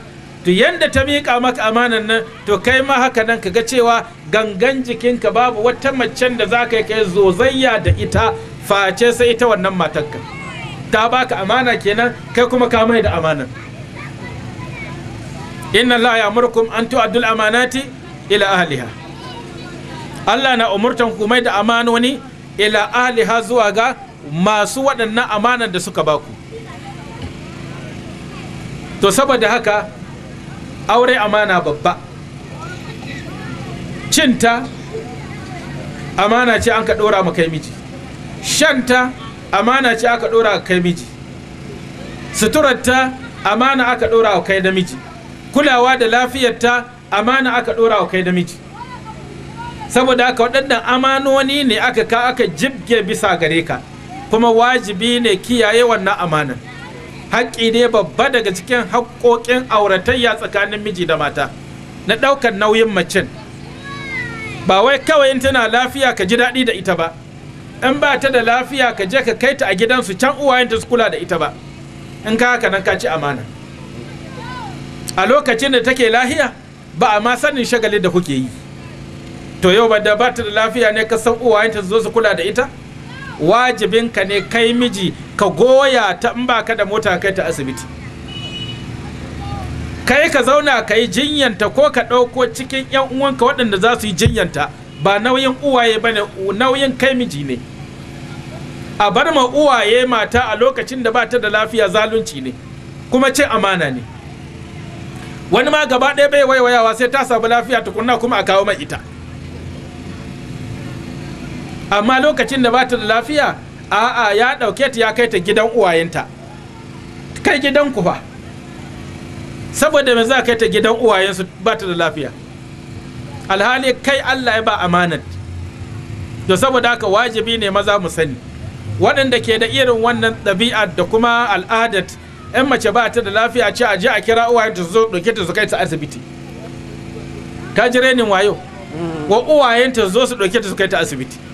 to yanda ta miƙa maka amanan nan to kai ma haka nan ka ga cewa gangan jikinka babu wata macen da za ka yi kai zozayya da ita face sai ita wannan matarka ta baka amana kenan kai kuma ka mai da amanan inna Allah ya murkum an tu'addul amanati ila ahliha Allah na umurtan ku mai da amanoni ila ahliha zuwa ga masu waɗannan amanan da suka baku to saboda haka aure amana babba cinta amana ce an ka dora ma kai miji shanta amana ce aka ɗora kai miji suturarta amana aka dora wa kai namiji kulawa da lafiyarta amana aka dora wa kai namiji saboda haka waɗannan amanoni ne aka ka aka jibge bisa gare ka kuma wajibi ne kiyaye wannan amanan haƙƙi ne babba daga cikin haƙƙoƙin auratayya tsakanin miji da mata na ɗaukar nauyin macen ba wai kawai in tana lafiya ka ji daɗi da ita ba in ba ta da lafiya ka je ka kai ta a gidansu can uwayen ta su kula da ita ba in ka haka nan ka ci amana a lokacin da take lahiya ba a ma sanin shagalin da kuke yi to yau ba da ba ta da lafiya ne ka san uwayen ta su zo su kula da ita wajibinka ne kai miji ka goya ta in baka da mota kai ta asibiti kai ka zauna ka jinyanta ko ka ɗauko cikin 'yan uwanka waɗanda za su yi jinyanta ba nauyin uwaye ba ne nauyin kai miji ne a bar ma uwaye mata a lokacin da ba ta da lafiya zalunci ne kuma ce amana ne wani ma gaba ɗaya bai waiwayawa sai ta samu lafiya tukunna kuma a kawo mai ita amma lokacin da bata da lafiya a'a ya ɗauke ta ya kai ta gidan uwayenta kai gidan ku fa saboda me za kai ta gidan uwayensu bata da lafiya alhali kai Allah ya ba amanat da saboda haka wajibi ne maza mu sani waɗanda ke da irin wannan ɗabi'a da kuma al'adat 'yan mace ba ta da lafiya ce a je a kira uwayenta su zo ɗauke ta su kai ta asibiti ka ji renin wayo mm. wa uwayenta zo su ɗauke ta su kai ta asibiti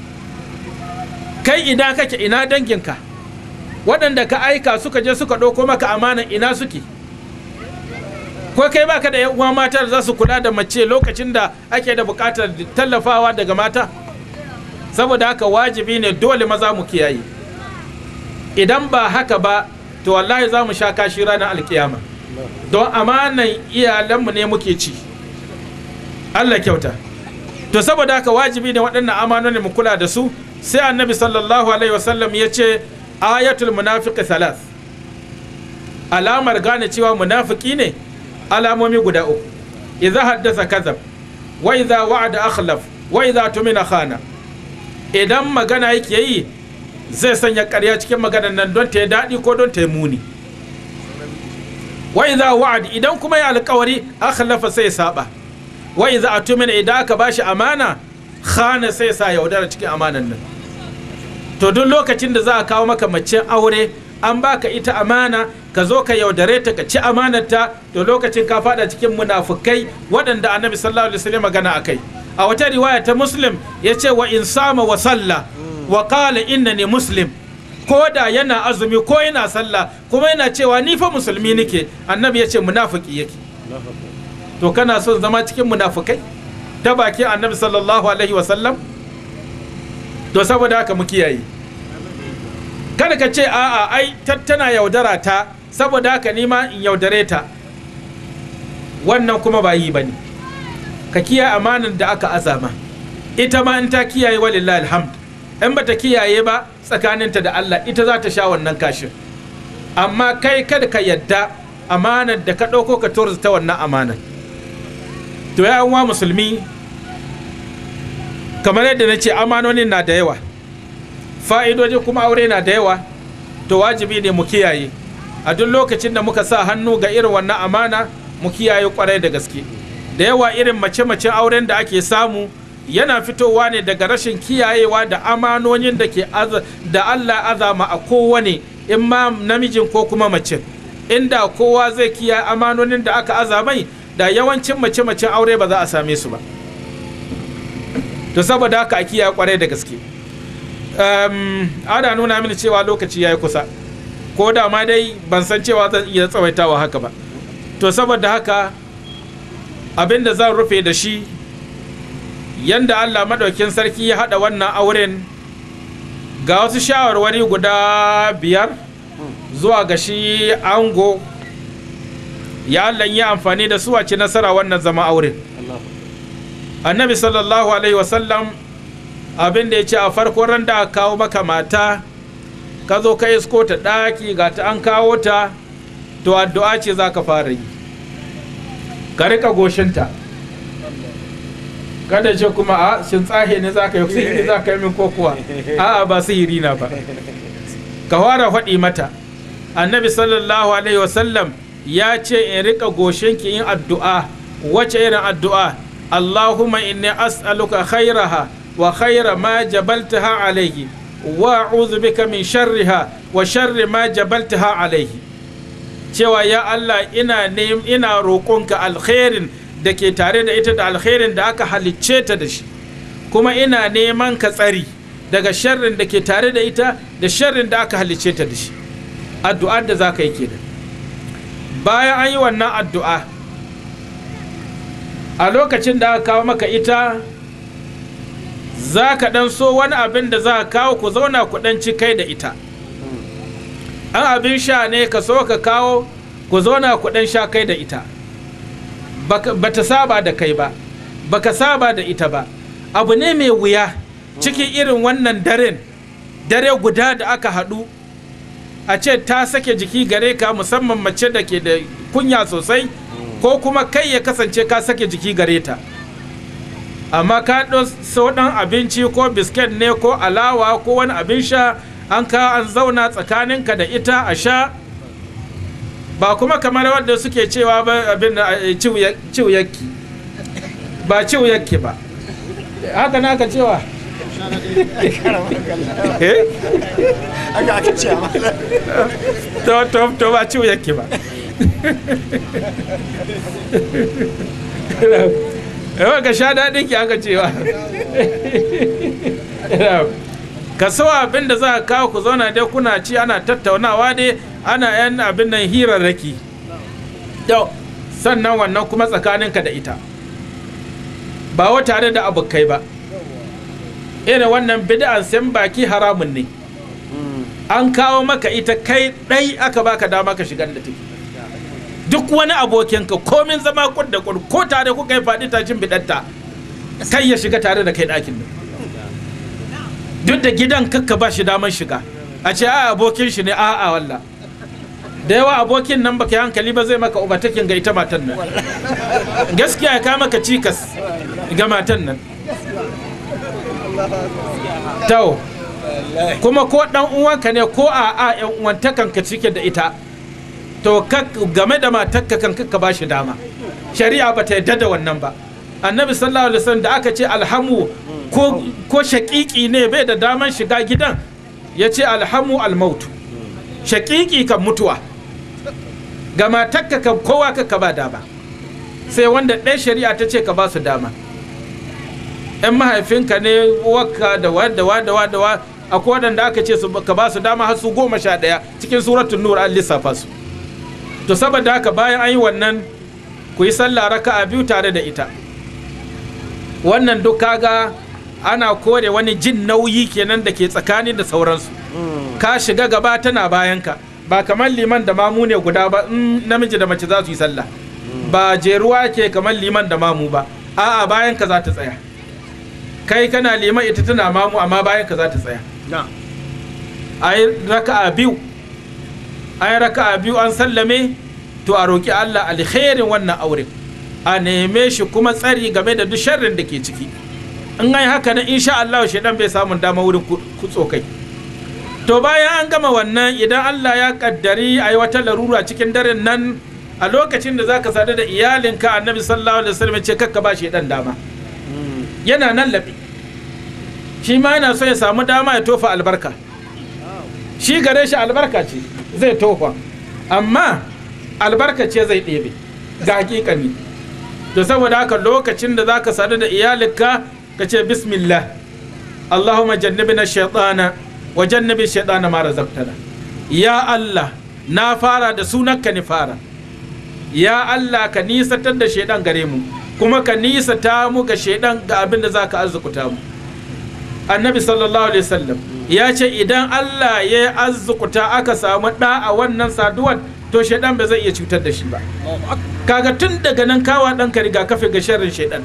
kai ina kake ina danginka waɗanda ka aika suka je suka ɗauko maka amanan ina suke ko kai baka da uwa mata da za su kula da mace lokacin da ake da buƙatar tallafawa daga mata saboda haka wajibi ne dole maza mu kiyaye idan ba haka ba to wallahi za mu sha kashi ranar alkiyama don amanan iyalanmu ne muke ci allah kyauta to saboda haka wajibi ne waɗannan ne mu kula da su sai annabi sallallahu alaihi wasallam ya ce ayatul munafiki salas alamar gane cewa munafiki ne alamomi guda uku idza haddasa kazab wa idza wa'ada akhlaf wa idza tumina khana idan magana yake yi zai sanya ƙarya cikin maganar nan don ta yi daɗi ko don ta yi muni wa idza wa'ad idan kuma ya alƙawari akhlafa sai saba wa idza atumina idan aka bashi amana khana sai sa yaudara cikin amanan nan to duk lokacin da za a kawo maka mace aure an baka ita amana ka zo ka yaudare ta ka ci amanarta to lokacin ka fada cikin munafukai waɗanda annabi sallallahu alaihi wasallam magana akai a wata riwaya ta muslim ya ce wa in sama wa sallah wa qala innani muslim ko da yana azumi ko yana sallah kuma yana cewa ni fa musulmi nake annabi yace munafiki yake to kana son zama cikin munafukai ta baki annabi sallallahu alaihi wasallam to saboda haka mu kiyaye kada ka ce a'a ai tana yaudara ta saboda haka nima in yaudare ta wannan kuma ba yi bane ka kiya amanar da aka azama ita ma in ta kiyaye walillahi alhamd in bata kiyaye ba tsakaninta da Allah ita za ta sha wannan kashin amma kai kada ka yadda amanar da ka ɗauko ka ta wannan amanar to ya musulmi kamar yadda na ce amanonin na da yawa fa'idoji kuma aure na da yawa to wajibi ne mu kiyaye a duk lokacin da muka sa hannu ga irin wannan amana mu kiyaye kwarai da gaske da yawa irin mace-mace auren da ake samu yana fitowa ne daga rashin kiyayewa da amanonin da ke da Allah azama a kowane in ma namijin ko kuma mace inda kowa zai kiyaye amanonin da aka azamai da yawancin mace-macen aure ba za a same su ba to saboda haka a kiyaye kwarai da gaske ana nuna mini cewa lokaci ya yi kusa ko da ma dai ban san cewa zan iya tsawaitawa haka ba to saboda haka abin da zan rufe da shi Yadda allah maɗaukin sarki ya haɗa wannan auren ga wasu shawarwari guda biyar zuwa ga shi ango ya allah yi amfani da su nasara wannan zama auren annabi sallallahu alaihi wasallam abin da ya ce a farkon ran da kawo maka mata ka zo ka isko ta ɗaki ga ta an kawo ta to addu'a ce za ka fara yi ka riƙa goshinta kada ce kuma a shin tsahe ne za ka yi sihiri za ka yi min kokowa a'a ba sihiri na ba ka fara faɗi mata annabi sallallahu alaihi wasallam ya ce in riƙa goshinki yin addu'a wace irin addu'a allahumma inni as'aluka khairaha wa khaira ma jabaltaha alaihi wa a'udhu bika min sharriha wa sharri ma jabaltaha alaihi cewa ya Allah ina ne ina roƙonka alkhairin da ke tare da ita da alkhairin da aka halicce ta da shi kuma ina neman ka tsari daga sharrin da ke tare da ita da sharrin da aka halicce ta da shi addu'ar da za ka yi kenan bayan an yi wannan addu'a a lokacin da aka kawo maka ita za ka ɗan so wani abin da za ka kawo ku zauna ku ɗan ci kai da ita an abin sha ne ka so ka kawo ku zauna ku ɗan sha kai da ita ba ta saba da kai ba ba ka saba da ita ba abu ne mai wuya cikin irin wannan daren dare guda da aka haɗu a ce ta sake jiki gare ka musamman mace da ke da kunya sosai ko kuma kai ya kasance ka sake jiki gare ta. amma ka sau ɗan abinci ko biskit ne ko alawa ko wani abin sha an ka an zauna tsakaninka da ita a sha ba kuma kamar wanda suke cewa ba abin da eh, ciwuyakki ba ciwuyakki ba haka na ka cewa eh? to to to ba ciwuyakki ba yawan eh, ka sha daɗin ki aka cewa ka sawa abin da za ka kawo ku zauna dai kuna ci ana tattaunawa dai ana yan abin nan hirarraki sannan wannan kuma tsakaninka da ita ba wa tare da abokai ba irin wannan bid'an sayan baki haramun ne an kawo maka ita kai ɗai aka baka dama ka shigar da take duk wani abokinka komin zama kud da kud ko tare kuka yi faɗi tashin bidatta kai ya shiga tare da kai ɗakin nan duk da gidan kakka ba shi damar shiga a ce a abokin shi ne a'a walla da yawa abokin nan baka yi hankali ba zai maka ubatakin ga ita matan nan gaskiya ya kama ka cikas ga matan nan tau kuma ko dan uwanka ne ko a a'a yan uwantakan ka cike da ita to game da matakka kan kakka ba shi dama shari'a ba ta yadda da wannan ba annabi sallallahu alaihi wasallam da aka ce alhamu ko ko shaqiqi ne bai da daman shiga gidan yace ce alhamu almaut shaqiqi kan mutuwa ga matakka kan kowa kakka ba dama sai wanda ɗaya shari'a ta ce ka ba su dama yan mahaifinka ne waka da wadawa da wadawa akwai waɗanda aka ce ka ba su dama har su goma sha ɗaya cikin suratun nur an lissafa su to saboda haka bayan an yi wannan ku yi sallah raka'a biyu tare da ita wannan duk kaga ana kore wani jin nauyi kenan da ke tsakani da sauransu hmm. ka shiga gaba tana bayanka ba kamar liman da mamu ne guda ba in namiji da mace za su yi sallah hmm. ba jeruwa ke kamar liman da mamu ba a'a bayan ka za ta tsaya kai kana liman ita tana mamu amma bayan ka za ta tsaya a yi raka'a biyu raka a biyu an sallame to a roƙi Allah alkhairin wannan auren a neme shi kuma tsari game da duk sharrin da ke ciki in ai haka nan insha Allah dan bai samu dama wurin kutso kai to bayan an gama wannan idan Allah ya kaddari yi wata larura cikin daren nan a lokacin da zaka sadu da iyalinka annabi sallallahu alaihi wasallam ce kakka ba shi dan dama yana nan labi shi ma yana so ya samu dama ya tofa albarka shi gare shi albarka ce zai tofa amma albarkace zai ɗebe ga hakikani da saboda haka lokacin da za ka sadu da iyalinka ka ce bismillah allahumma na shaitana wa jannibi shaitana mara razaqtana ya allah na fara da sunanka ni fara ya allah ka nisatar da shaidan gare mu kuma ka nisata mu ga shaidan ga abin da zaka arzikuta mu annabi sallallahu alaihi wasallam ya ce idan Allah ya yi aka samu ɗa a wannan saduwar to shaidan ba zai iya cutar da shi ba kaga tun daga nan kawa ɗanka rigakafi ga sharrin shaidan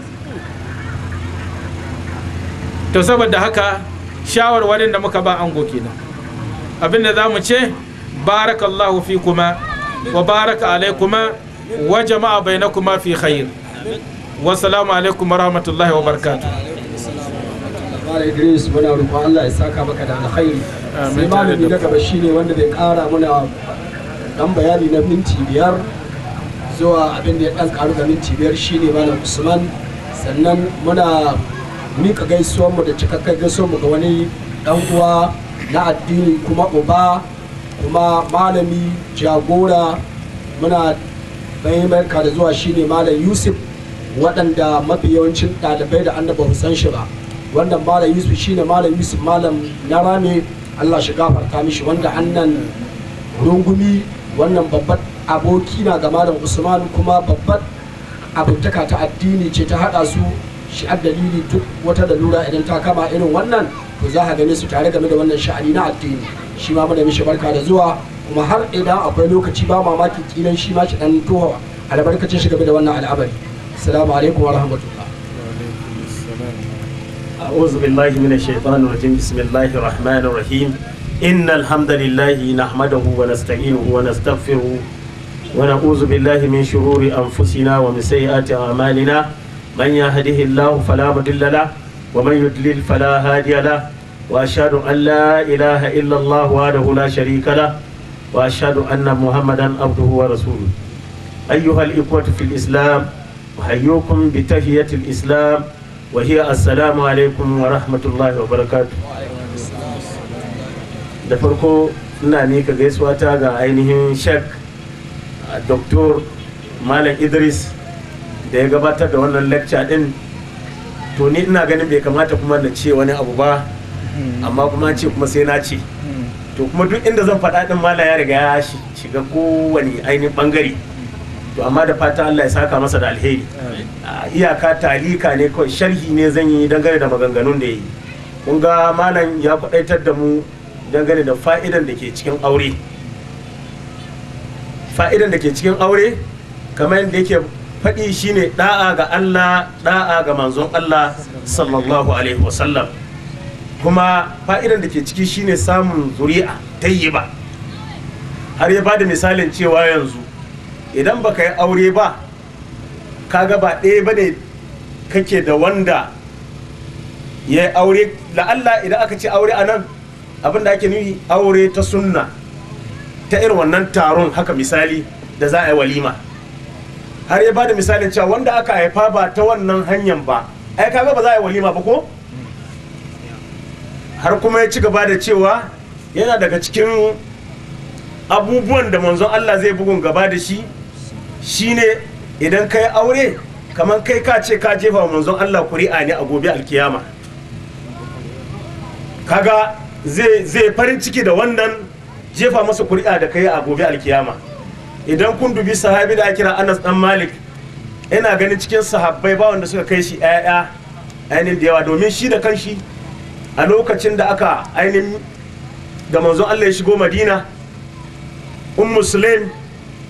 to saboda haka shawarwarin da muka ba an ango kenan abinda za mu ce barakallahu fi kuma wa baraka alaikum wa jama'a bainakum fi khair salamu alaikum wa rahmatullahi wa barakatuh Mala Idris muna roƙon Allah ya saka maka da alkhairi. Sai malami na gaba shine wanda bai ƙara muna dan bayani na minti biyar zuwa abin da ya ɗan ƙaru da minti biyar shine Malam Usman sannan muna mika gaisuwar mu da cikakken gaisuwar mu ga wani dan uwa na addini kuma uba kuma malami jagora muna bayan da zuwa shine Malam Yusuf waɗanda mafi yawancin ɗalibai da annaba san shi ba. wanda malam yusuf ne malam yusuf malam na rame allah shi gafarta mishi wanda hannan rungumi wannan babbar aboki na ga malam usman kuma babbar abutaka ta addini ce ta haɗa su shi dalili duk wata da lura idan ta kama irin wannan to za a gane su tare game da wannan sha'ani na addini shi ma muna mishi barka da zuwa kuma har idan akwai lokaci ba mamaki kilan shi ma shi dan tohawa albarkacin shi game da wannan al'amari assalamu alaikum wa rahmatullahi أعوذ بالله من الشيطان الرجيم بسم الله الرحمن الرحيم إن الحمد لله نحمده ونستعينه ونستغفره ونعوذ بالله من شرور أنفسنا ومن سيئات أعمالنا من يهده الله فلا مضل له ومن يضلل فلا هادي له وأشهد أن لا إله إلا الله وحده لا شريك له وأشهد أن محمدا عبده ورسوله أيها الإخوة في الإسلام أحييكم بتحية الإسلام wahi hiya assalamu alaikum wa rahmatullahi wa barakatu da farko ina mika gaisuwa ta ga ainihin shek malam idris da ya gabatar da wannan lecture din to ni ina ganin bai kamata kuma na ce wani abu ba amma kuma ce kuma sai na ce to kuma duk inda zan faɗa din mala ya riga ya shiga koWani ainihin bangare to amma da fata Allah ya saka masa da alheri ah, iyaka talika ne kawai sharhi ne zan yi dangane da maganganun da ya yi kun ga malam ya kwadaitar da mu dangane da fa'idan da ke cikin aure fa'idan da ke cikin aure kamar yadda yake faɗi shine da'a ga Allah da'a ga manzon Allah sallallahu alaihi wasallam kuma fa'idan da ke ciki shine samun zuri'a tayyiba har ya bada misalin cewa yanzu idan baka yi aure ba kaga ba ɗaya ba ne kake da wanda ya yi aure la'alla idan aka ce aure a nan abinda ake nufi aure ta sunna ta irin wannan taron haka misali da za a yi walima har ya bada misalin cewa wanda aka haifa ba ta wannan hanyar ba ai kaga ba za a yi walima ba ko har kuma ya ci gaba da cewa yana daga cikin abubuwan da manzon Allah zai bugun gaba da shi shine idan kai aure kamar kai ka ce ka jefa manzon Allah kuri'a ne a gobe alkiyama kaga zai zai farin ciki da wannan jefa masa kuri'a da kai a gobe alkiyama idan kun dubi sahabi da kira Anas dan Malik ina ganin cikin sahabbai ba wanda suka kai shi ƴaƴa ainihin da yawa domin shi da kanshi a lokacin da aka ainihin da manzon Allah ya shigo Madina um muslim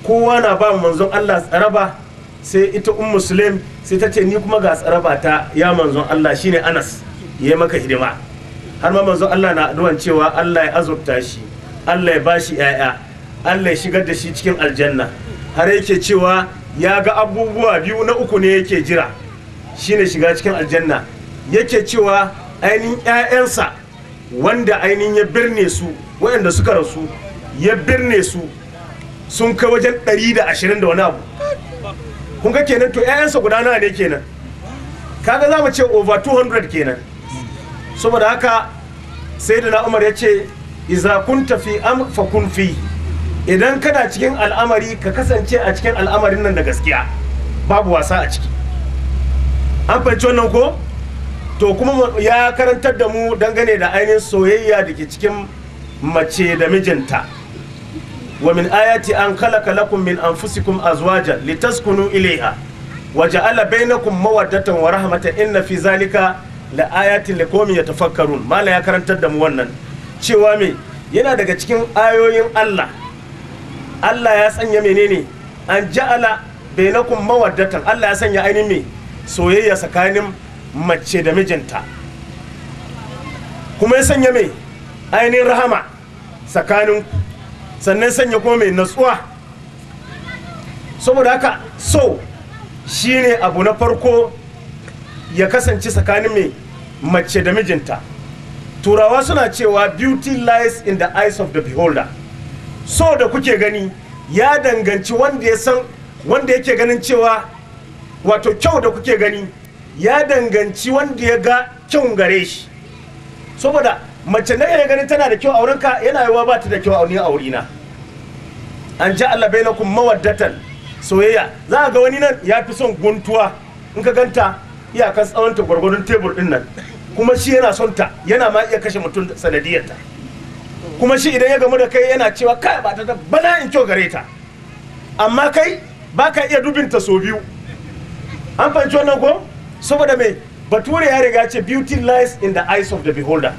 kowa na ba manzon Allah tsaraba sai ita um muslim sai ta ce ni kuma ga tsaraba ta ya manzon Allah shine Anas ya maka hidima har ma manzon Allah na addu'an cewa Allah ya azurta shi Allah ya bashi yaya Allah ya shigar da shi cikin aljanna har yake cewa ya ga abubuwa biyu na uku ne yake jira shine shiga cikin aljanna yake cewa ainihin 'ya'yansa wanda ainihin ya birne su waɗanda suka rasu ya birne su sun kai wajen 120 da wani abu kun ga kenan to 'ya'yansa guda nawa ne kenan kaga za mu ce over 200 kenan saboda haka sai da umar ya ce iza kun tafi am fa kun fi idan kana cikin al'amari ka kasance a cikin al'amarin nan da gaskiya babu wasa a ciki an fahimci wannan ko to kuma ya karantar da mu dangane da ainihin soyayya da ke cikin mace da mijinta wa min ayati an khalaqa lakum min anfusikum azwajan litaskunu ilayha wa ja'ala bainakum mawaddatan wa rahmatan inna fi zalika la ayatin liqaumin yatafakkarun mala ya karantar da mu wannan cewa me yana daga cikin ayoyin Allah Allah ya sanya menene an ja'ala bainakum mawaddatan Allah ya sanya ainihin me soyayya tsakanin mace da mijinta kuma ya sanya me ainihin rahama sakanin sannan sanya kuma mai natsuwa saboda haka so shi ne abu na farko ya kasance tsakanin mai mace da mijinta turawa suna cewa beauty lies in the eyes of the beholder so da kuke gani ya danganci wanda ya san wanda yake ganin cewa wato kyau da kuke gani ya danganci wanda ya ga kyau gare shi saboda mace na ya ganin tana da kyau a wurinka yana yawa ba ta da kyau a wani a wurina an ja Allah bai kun mawaddatan soyayya za a ga wani nan ya fi son guntuwa in ka ganta iyakan tsawonta gwargwadon tebur din nan kuma shi yana son ta yana ma iya kashe mutum sanadiyarta kuma shi idan ya gamu da kai yana cewa kai ba ta bana in kyau gare ta amma kai ba ka iya dubinta so biyu an fahimci wannan ko saboda mai bature ya riga ce beauty lies in the eyes of the beholder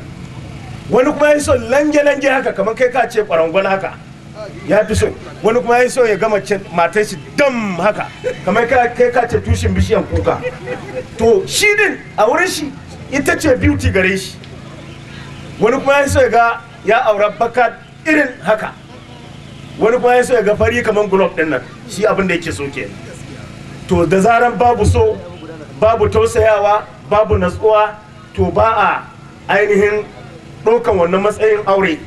wani kuma ya so lange-lange haka kamar kai ka ce kwarangon haka ya fi so wani kuma ya so ya gama matar shi dam haka kamar kai ka ce tushen bishiyan kuka to shi din a wurin shi ita ce beauty gare shi wani kuma ya so ya ga ya aura baka irin haka wani kuma ya so ya ga fari kamar gulob din nan shi abin da yake so ke to da zaran babu so babu tausayawa babu natsuwa to ba a ainihin daukan wannan matsayin aure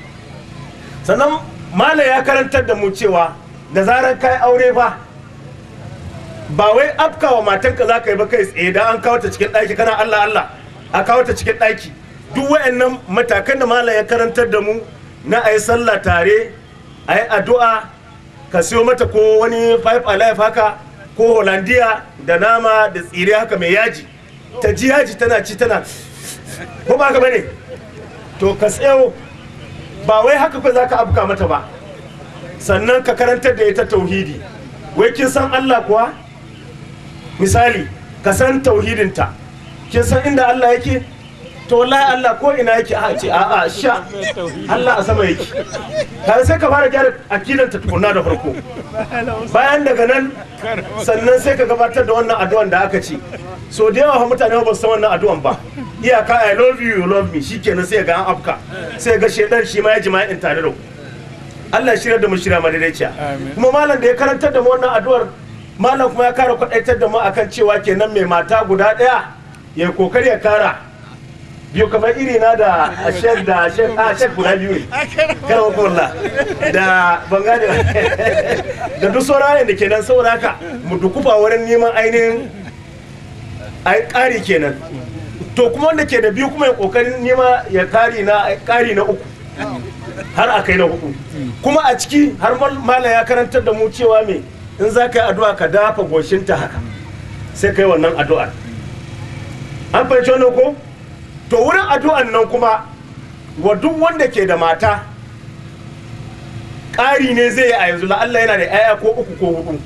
sannan Malam ya karantar da mu cewa da zarar kai aure ba ba wai afkawa matanka za ka yi ba kai tsaye da an kawo ta cikin ɗaki kana allah allah a kawo ta cikin ɗaki duk wa'annan matakan da Malam ya karantar da mu na ayi sallah tare ayi addu'a ka siyo mata ko wani five alive haka ko holandiya da nama da tsire haka mai yaji ta ji yaji tana ci tana ko ba ka bane to ka tsayo ba wai haka ko za ka afka mata ba sannan ka karantar da ita tauhidi wai kin san Allah kuwa misali ka san tauhidinta kin san inda Allah yake to wallahi Allah ko ina yake a ce a'a sha Allah a sama yake har sai ka fara gyara akidar ta tukunna da farko bayan daga nan sannan sai ka gabatar da wannan addu'an da aka ce so da yawa mutane ba su san wannan addu'an ba iyaka i love you you love me shikenan sai ga an afka sai ga shedan shi ma ya in tare da ku Allah shirar da mu shirya madaidaiciya kuma malam da ya karantar da mu wannan addu'ar malam kuma ya kara kwadaitar da mu akan cewa kenan mai mata guda daya ya kokari ya kara biyu kamar iri na da shek da shek a ah, shek guda biyu ne kana kokola da bangare da duk sauran da ke nan sauraka mu dukufa wurin neman ainihin ai kari kenan to kuma wanda ke da biyu kuma ya kokarin nema ya kari na kari na uku har a kai na hudu kuma a ciki har mala ya karantar da mu cewa me in za ka yi addu'a ka dafa goshinta haka sai kai wannan addu'ar an fahimci wannan ko to wurin addu'an nan kuma wa duk wanda ke da mata ƙari ne zai yi a yanzu la'alla yana da 'ya'ya ko uku ko hudu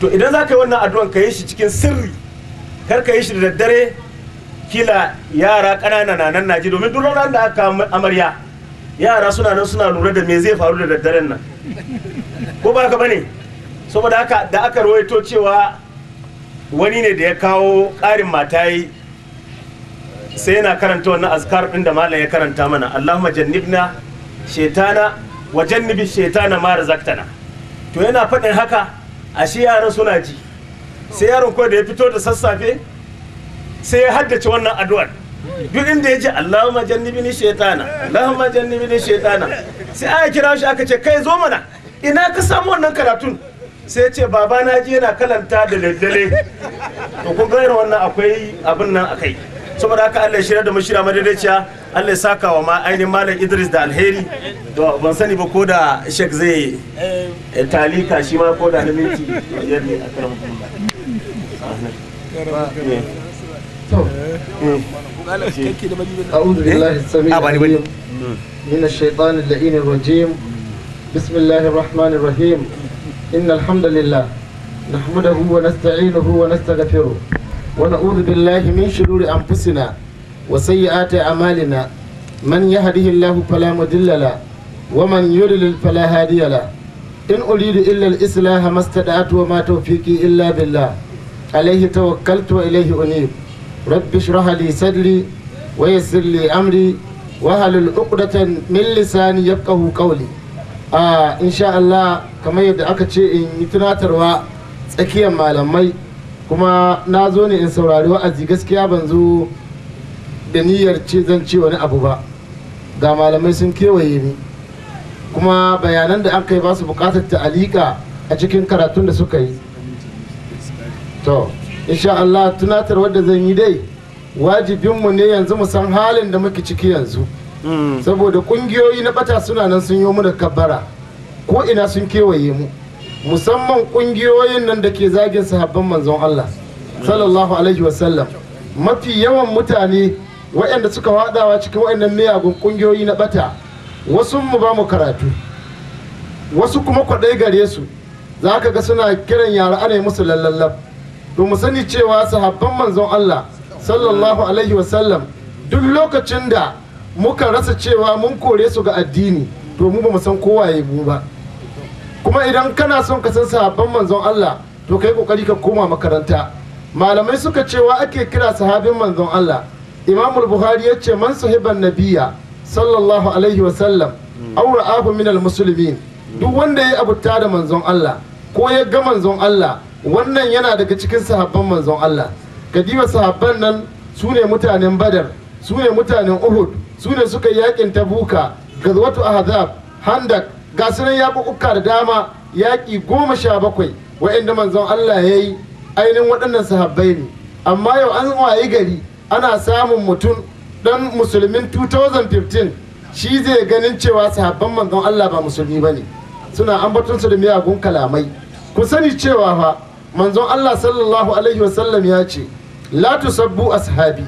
to idan za ka yi wannan addu'an ka yi shi cikin sirri kar ka yi shi da daddare kila yara ƙanana na nan naji domin duk ranar da aka amarya yara suna nan suna lura da me zai faru da daddaren nan ko ba ka bane saboda haka da aka rawaito cewa wani ne da ya kawo ƙarin matayi sai yana karanta wannan azkar din da malam ya karanta mana Allahumma jannibna shaitana wa jannibi shaitana ma razaqtana to yana faɗin haka ashe yaran suna ji sai yaron ko da ya fito da sassafe sai ya haddace wannan addu'ar duk inda ya ji Allahumma jannibni shaitana Allahumma jannibni shaitana sai aka kira shi aka ce kai zo mana ina ka samu wannan karatun sai ce babana na ji yana kalanta da daddare to kun ga wannan akwai abin nan akai saboda haka Allah shirya da mashira madadaciya Allah saka wa ma ainihin malam Idris da alheri to ban sani ba ko da Sheikh zai eh, talika shi ma ko da na minti biyar ne a karan أعوذ بالله من الشيطان الرجيم بسم الله الرحمن الرحيم إن الحمد لله نحمده ونستعينه ونستغفره ونعوذ بالله من شرور أنفسنا وسيئات أعمالنا من يهده الله فلا مضل له ومن يضلل فلا هادي له إن أريد إلا الإصلاح ما استطعت وما توفيقي إلا بالله عليه توكلت وإليه أنيب رب اشرح لي صدري ويسر لي أمري وهل عقدة من لساني يفقه قولي آه إن شاء الله kamar yadda aka ce in yi tunatarwa tsakiyar malamai kuma na zo ne in saurari wa'azi gaskiya ban zo da niyyar ce zan ce wani abu ba ga malamai sun kewaye ni kuma bayanan da aka yi ba su bukatar ta'alika a cikin karatun da suka yi to insha Allah tunatar wadda zan yi dai wajibinmu ne yanzu mu san halin da muke ciki yanzu hmm. saboda kungiyoyi na bata suna nan sun yi mu da kabbara ko ina sun kewaye mu musamman kungiyoyin nan da ke zagin sahabban manzon Allah sallallahu alaihi wasallam mafi yawan mutane waɗanda suka wadawa cikin waɗannan miyagun kungiyoyi na bata wasu mu ba mu karatu wasu kuma kwaɗai gare su za ka ga suna kiran yara ana musu lallallab to mu sani cewa sahabban manzon Allah sallallahu alaihi wasallam duk lokacin da muka rasa cewa mun kore su ga addini to mu ba mu san kowaye mu ba kuma idan kana son ka san sahabban manzon Allah to kai kokari ka koma makaranta malamai suka cewa ake kira sahabin manzon Allah Imam Bukhari ya ce man sahiban nabiyya sallallahu alaihi wa sallam aw ra'ahu min muslimin duk wanda ya abuta da manzon Allah ko ya ga manzon Allah wannan yana daga cikin sahabban manzon Allah kadima sahabban nan su ne mutanen Badar su ne mutanen Uhud su ne suka yakin Tabuka gazwatu Ahzab Handak ga ya yaƙuƙuka da dama yaƙi goma sha bakwai wa'inda manzon Allah ya yi ainihin waɗannan sahabbai ne amma yau an wayi gari ana samun mutum ɗan musulmin 2015 shi zai ganin cewa sahabban manzon Allah ba musulmi ba ne suna su da miyagun kalamai ku sani cewa fa manzon Allah sallallahu alaihi wasallam ya ce la a sahabi.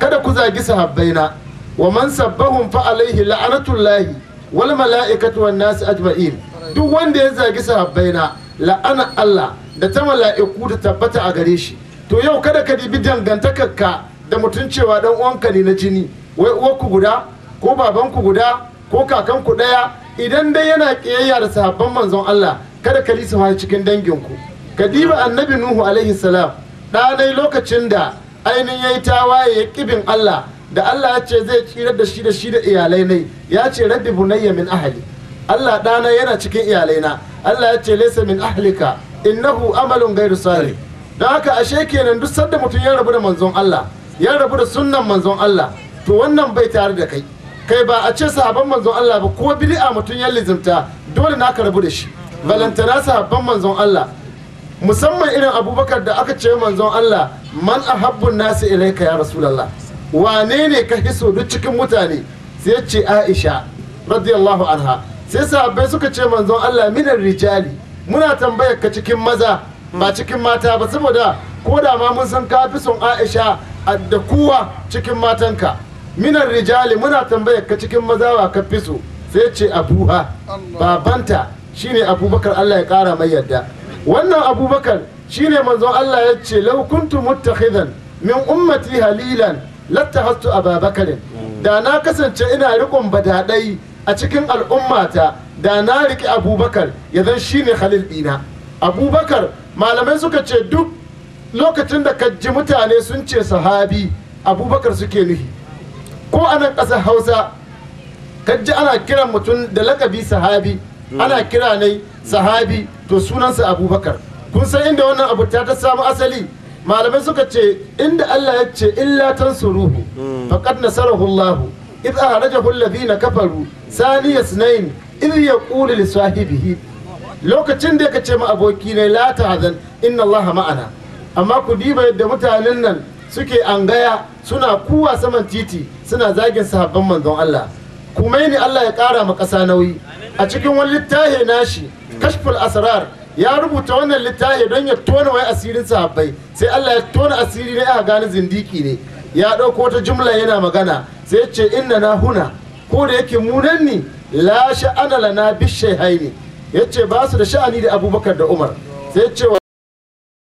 kada ku zagi na. wa man sabbahum fa alaihi la'anatullahi wal mala'ikatu wan nas ajma'in duk wanda ya zagi na, la'ana Allah da ta mala'iku da tabbata a gare shi to yau kada ka dangantakar dangantakarka da mutuncewa cewa dan uwanka ne na jini wai uwarku guda ko babanku guda ko kakanku daya idan dai yana kiyayya da sahabban manzon Allah kada ka lisa cikin danginku ka diba annabi nuhu alaihi salam ɗanai lokacin da ainihin yayi yi tawaye ya kibin Allah da Allah ya ce zai tsirar da shi da shi da iyalai ne ya ce rabbi bunayya min ahli Allah ɗana yana cikin iyalai na Allah ya ce laysa min ahlika innahu amalun ghairu salih dan haka ashe kenan duk sanda mutum ya rabu da manzon Allah ya rabu da sunnan manzon Allah to wannan bai tare da kai kai ba a ce sahabban manzon Allah ba ko a mutum ya lizimta dole na karbu da shi balantana sahabban manzon Allah musamman irin abubakar da aka ce manzon Allah man ahabbun nasi ilaika ya rasulallah wane ne ka hiso duk cikin mutane sai ce aisha radiyallahu anha sai sahabbai suka ce manzon allah minar rijali muna tambayar ka cikin maza ba cikin mata ba saboda ko da ma mun san ka fi son aisha da kowa cikin matanka minar rijali muna tambayar ka cikin maza ba ka fi so sai ce abuha babanta shine abubakar allah ya kara mai yadda wannan abubakar shine manzon allah ya ce lau kuntu muttakhidan min ummati halilan lattahastu ababakarin da na kasance ina rikon badaɗai a cikin al'ummata da na riƙe abubakar ya zan shi shine halil ɗina abubakar malamai suka ce duk lokacin da ka mutane sun ce sahabi abubakar suke nuhi ko a nan ƙasar hausa ka ana kiran mutum da lakabi sahabi ana kira ne sahabi to sunansa abubakar kun san inda wannan abu ta ta samu asali malamai suka ce inda Allah ya ce illa tansuruhu faqad nasarahu Allah idh ahrajahu alladhina kafaru saniya ithnain idh yaqulu li sahibihi lokacin da kace ma aboki ne la tahzan inna Allah ma'ana amma ku diba yadda mutanen nan suke angaya suna kuwa saman titi suna zagin sahabban manzon Allah kuma ne Allah ya kara ma ƙasa nauyi a cikin wani littafi nashi kashful asrar ya rubuta wannan littafi don ya tona wai asirin sahabbai sai Allah ya tona asiri ne a gane zindiki ne ya ɗauko wata jumla yana magana sai ya ce inna na huna ko da yake munan ni la sha'ana lana bishai haini ya ce ba su da sha'ani da abubakar da umar sai ya ce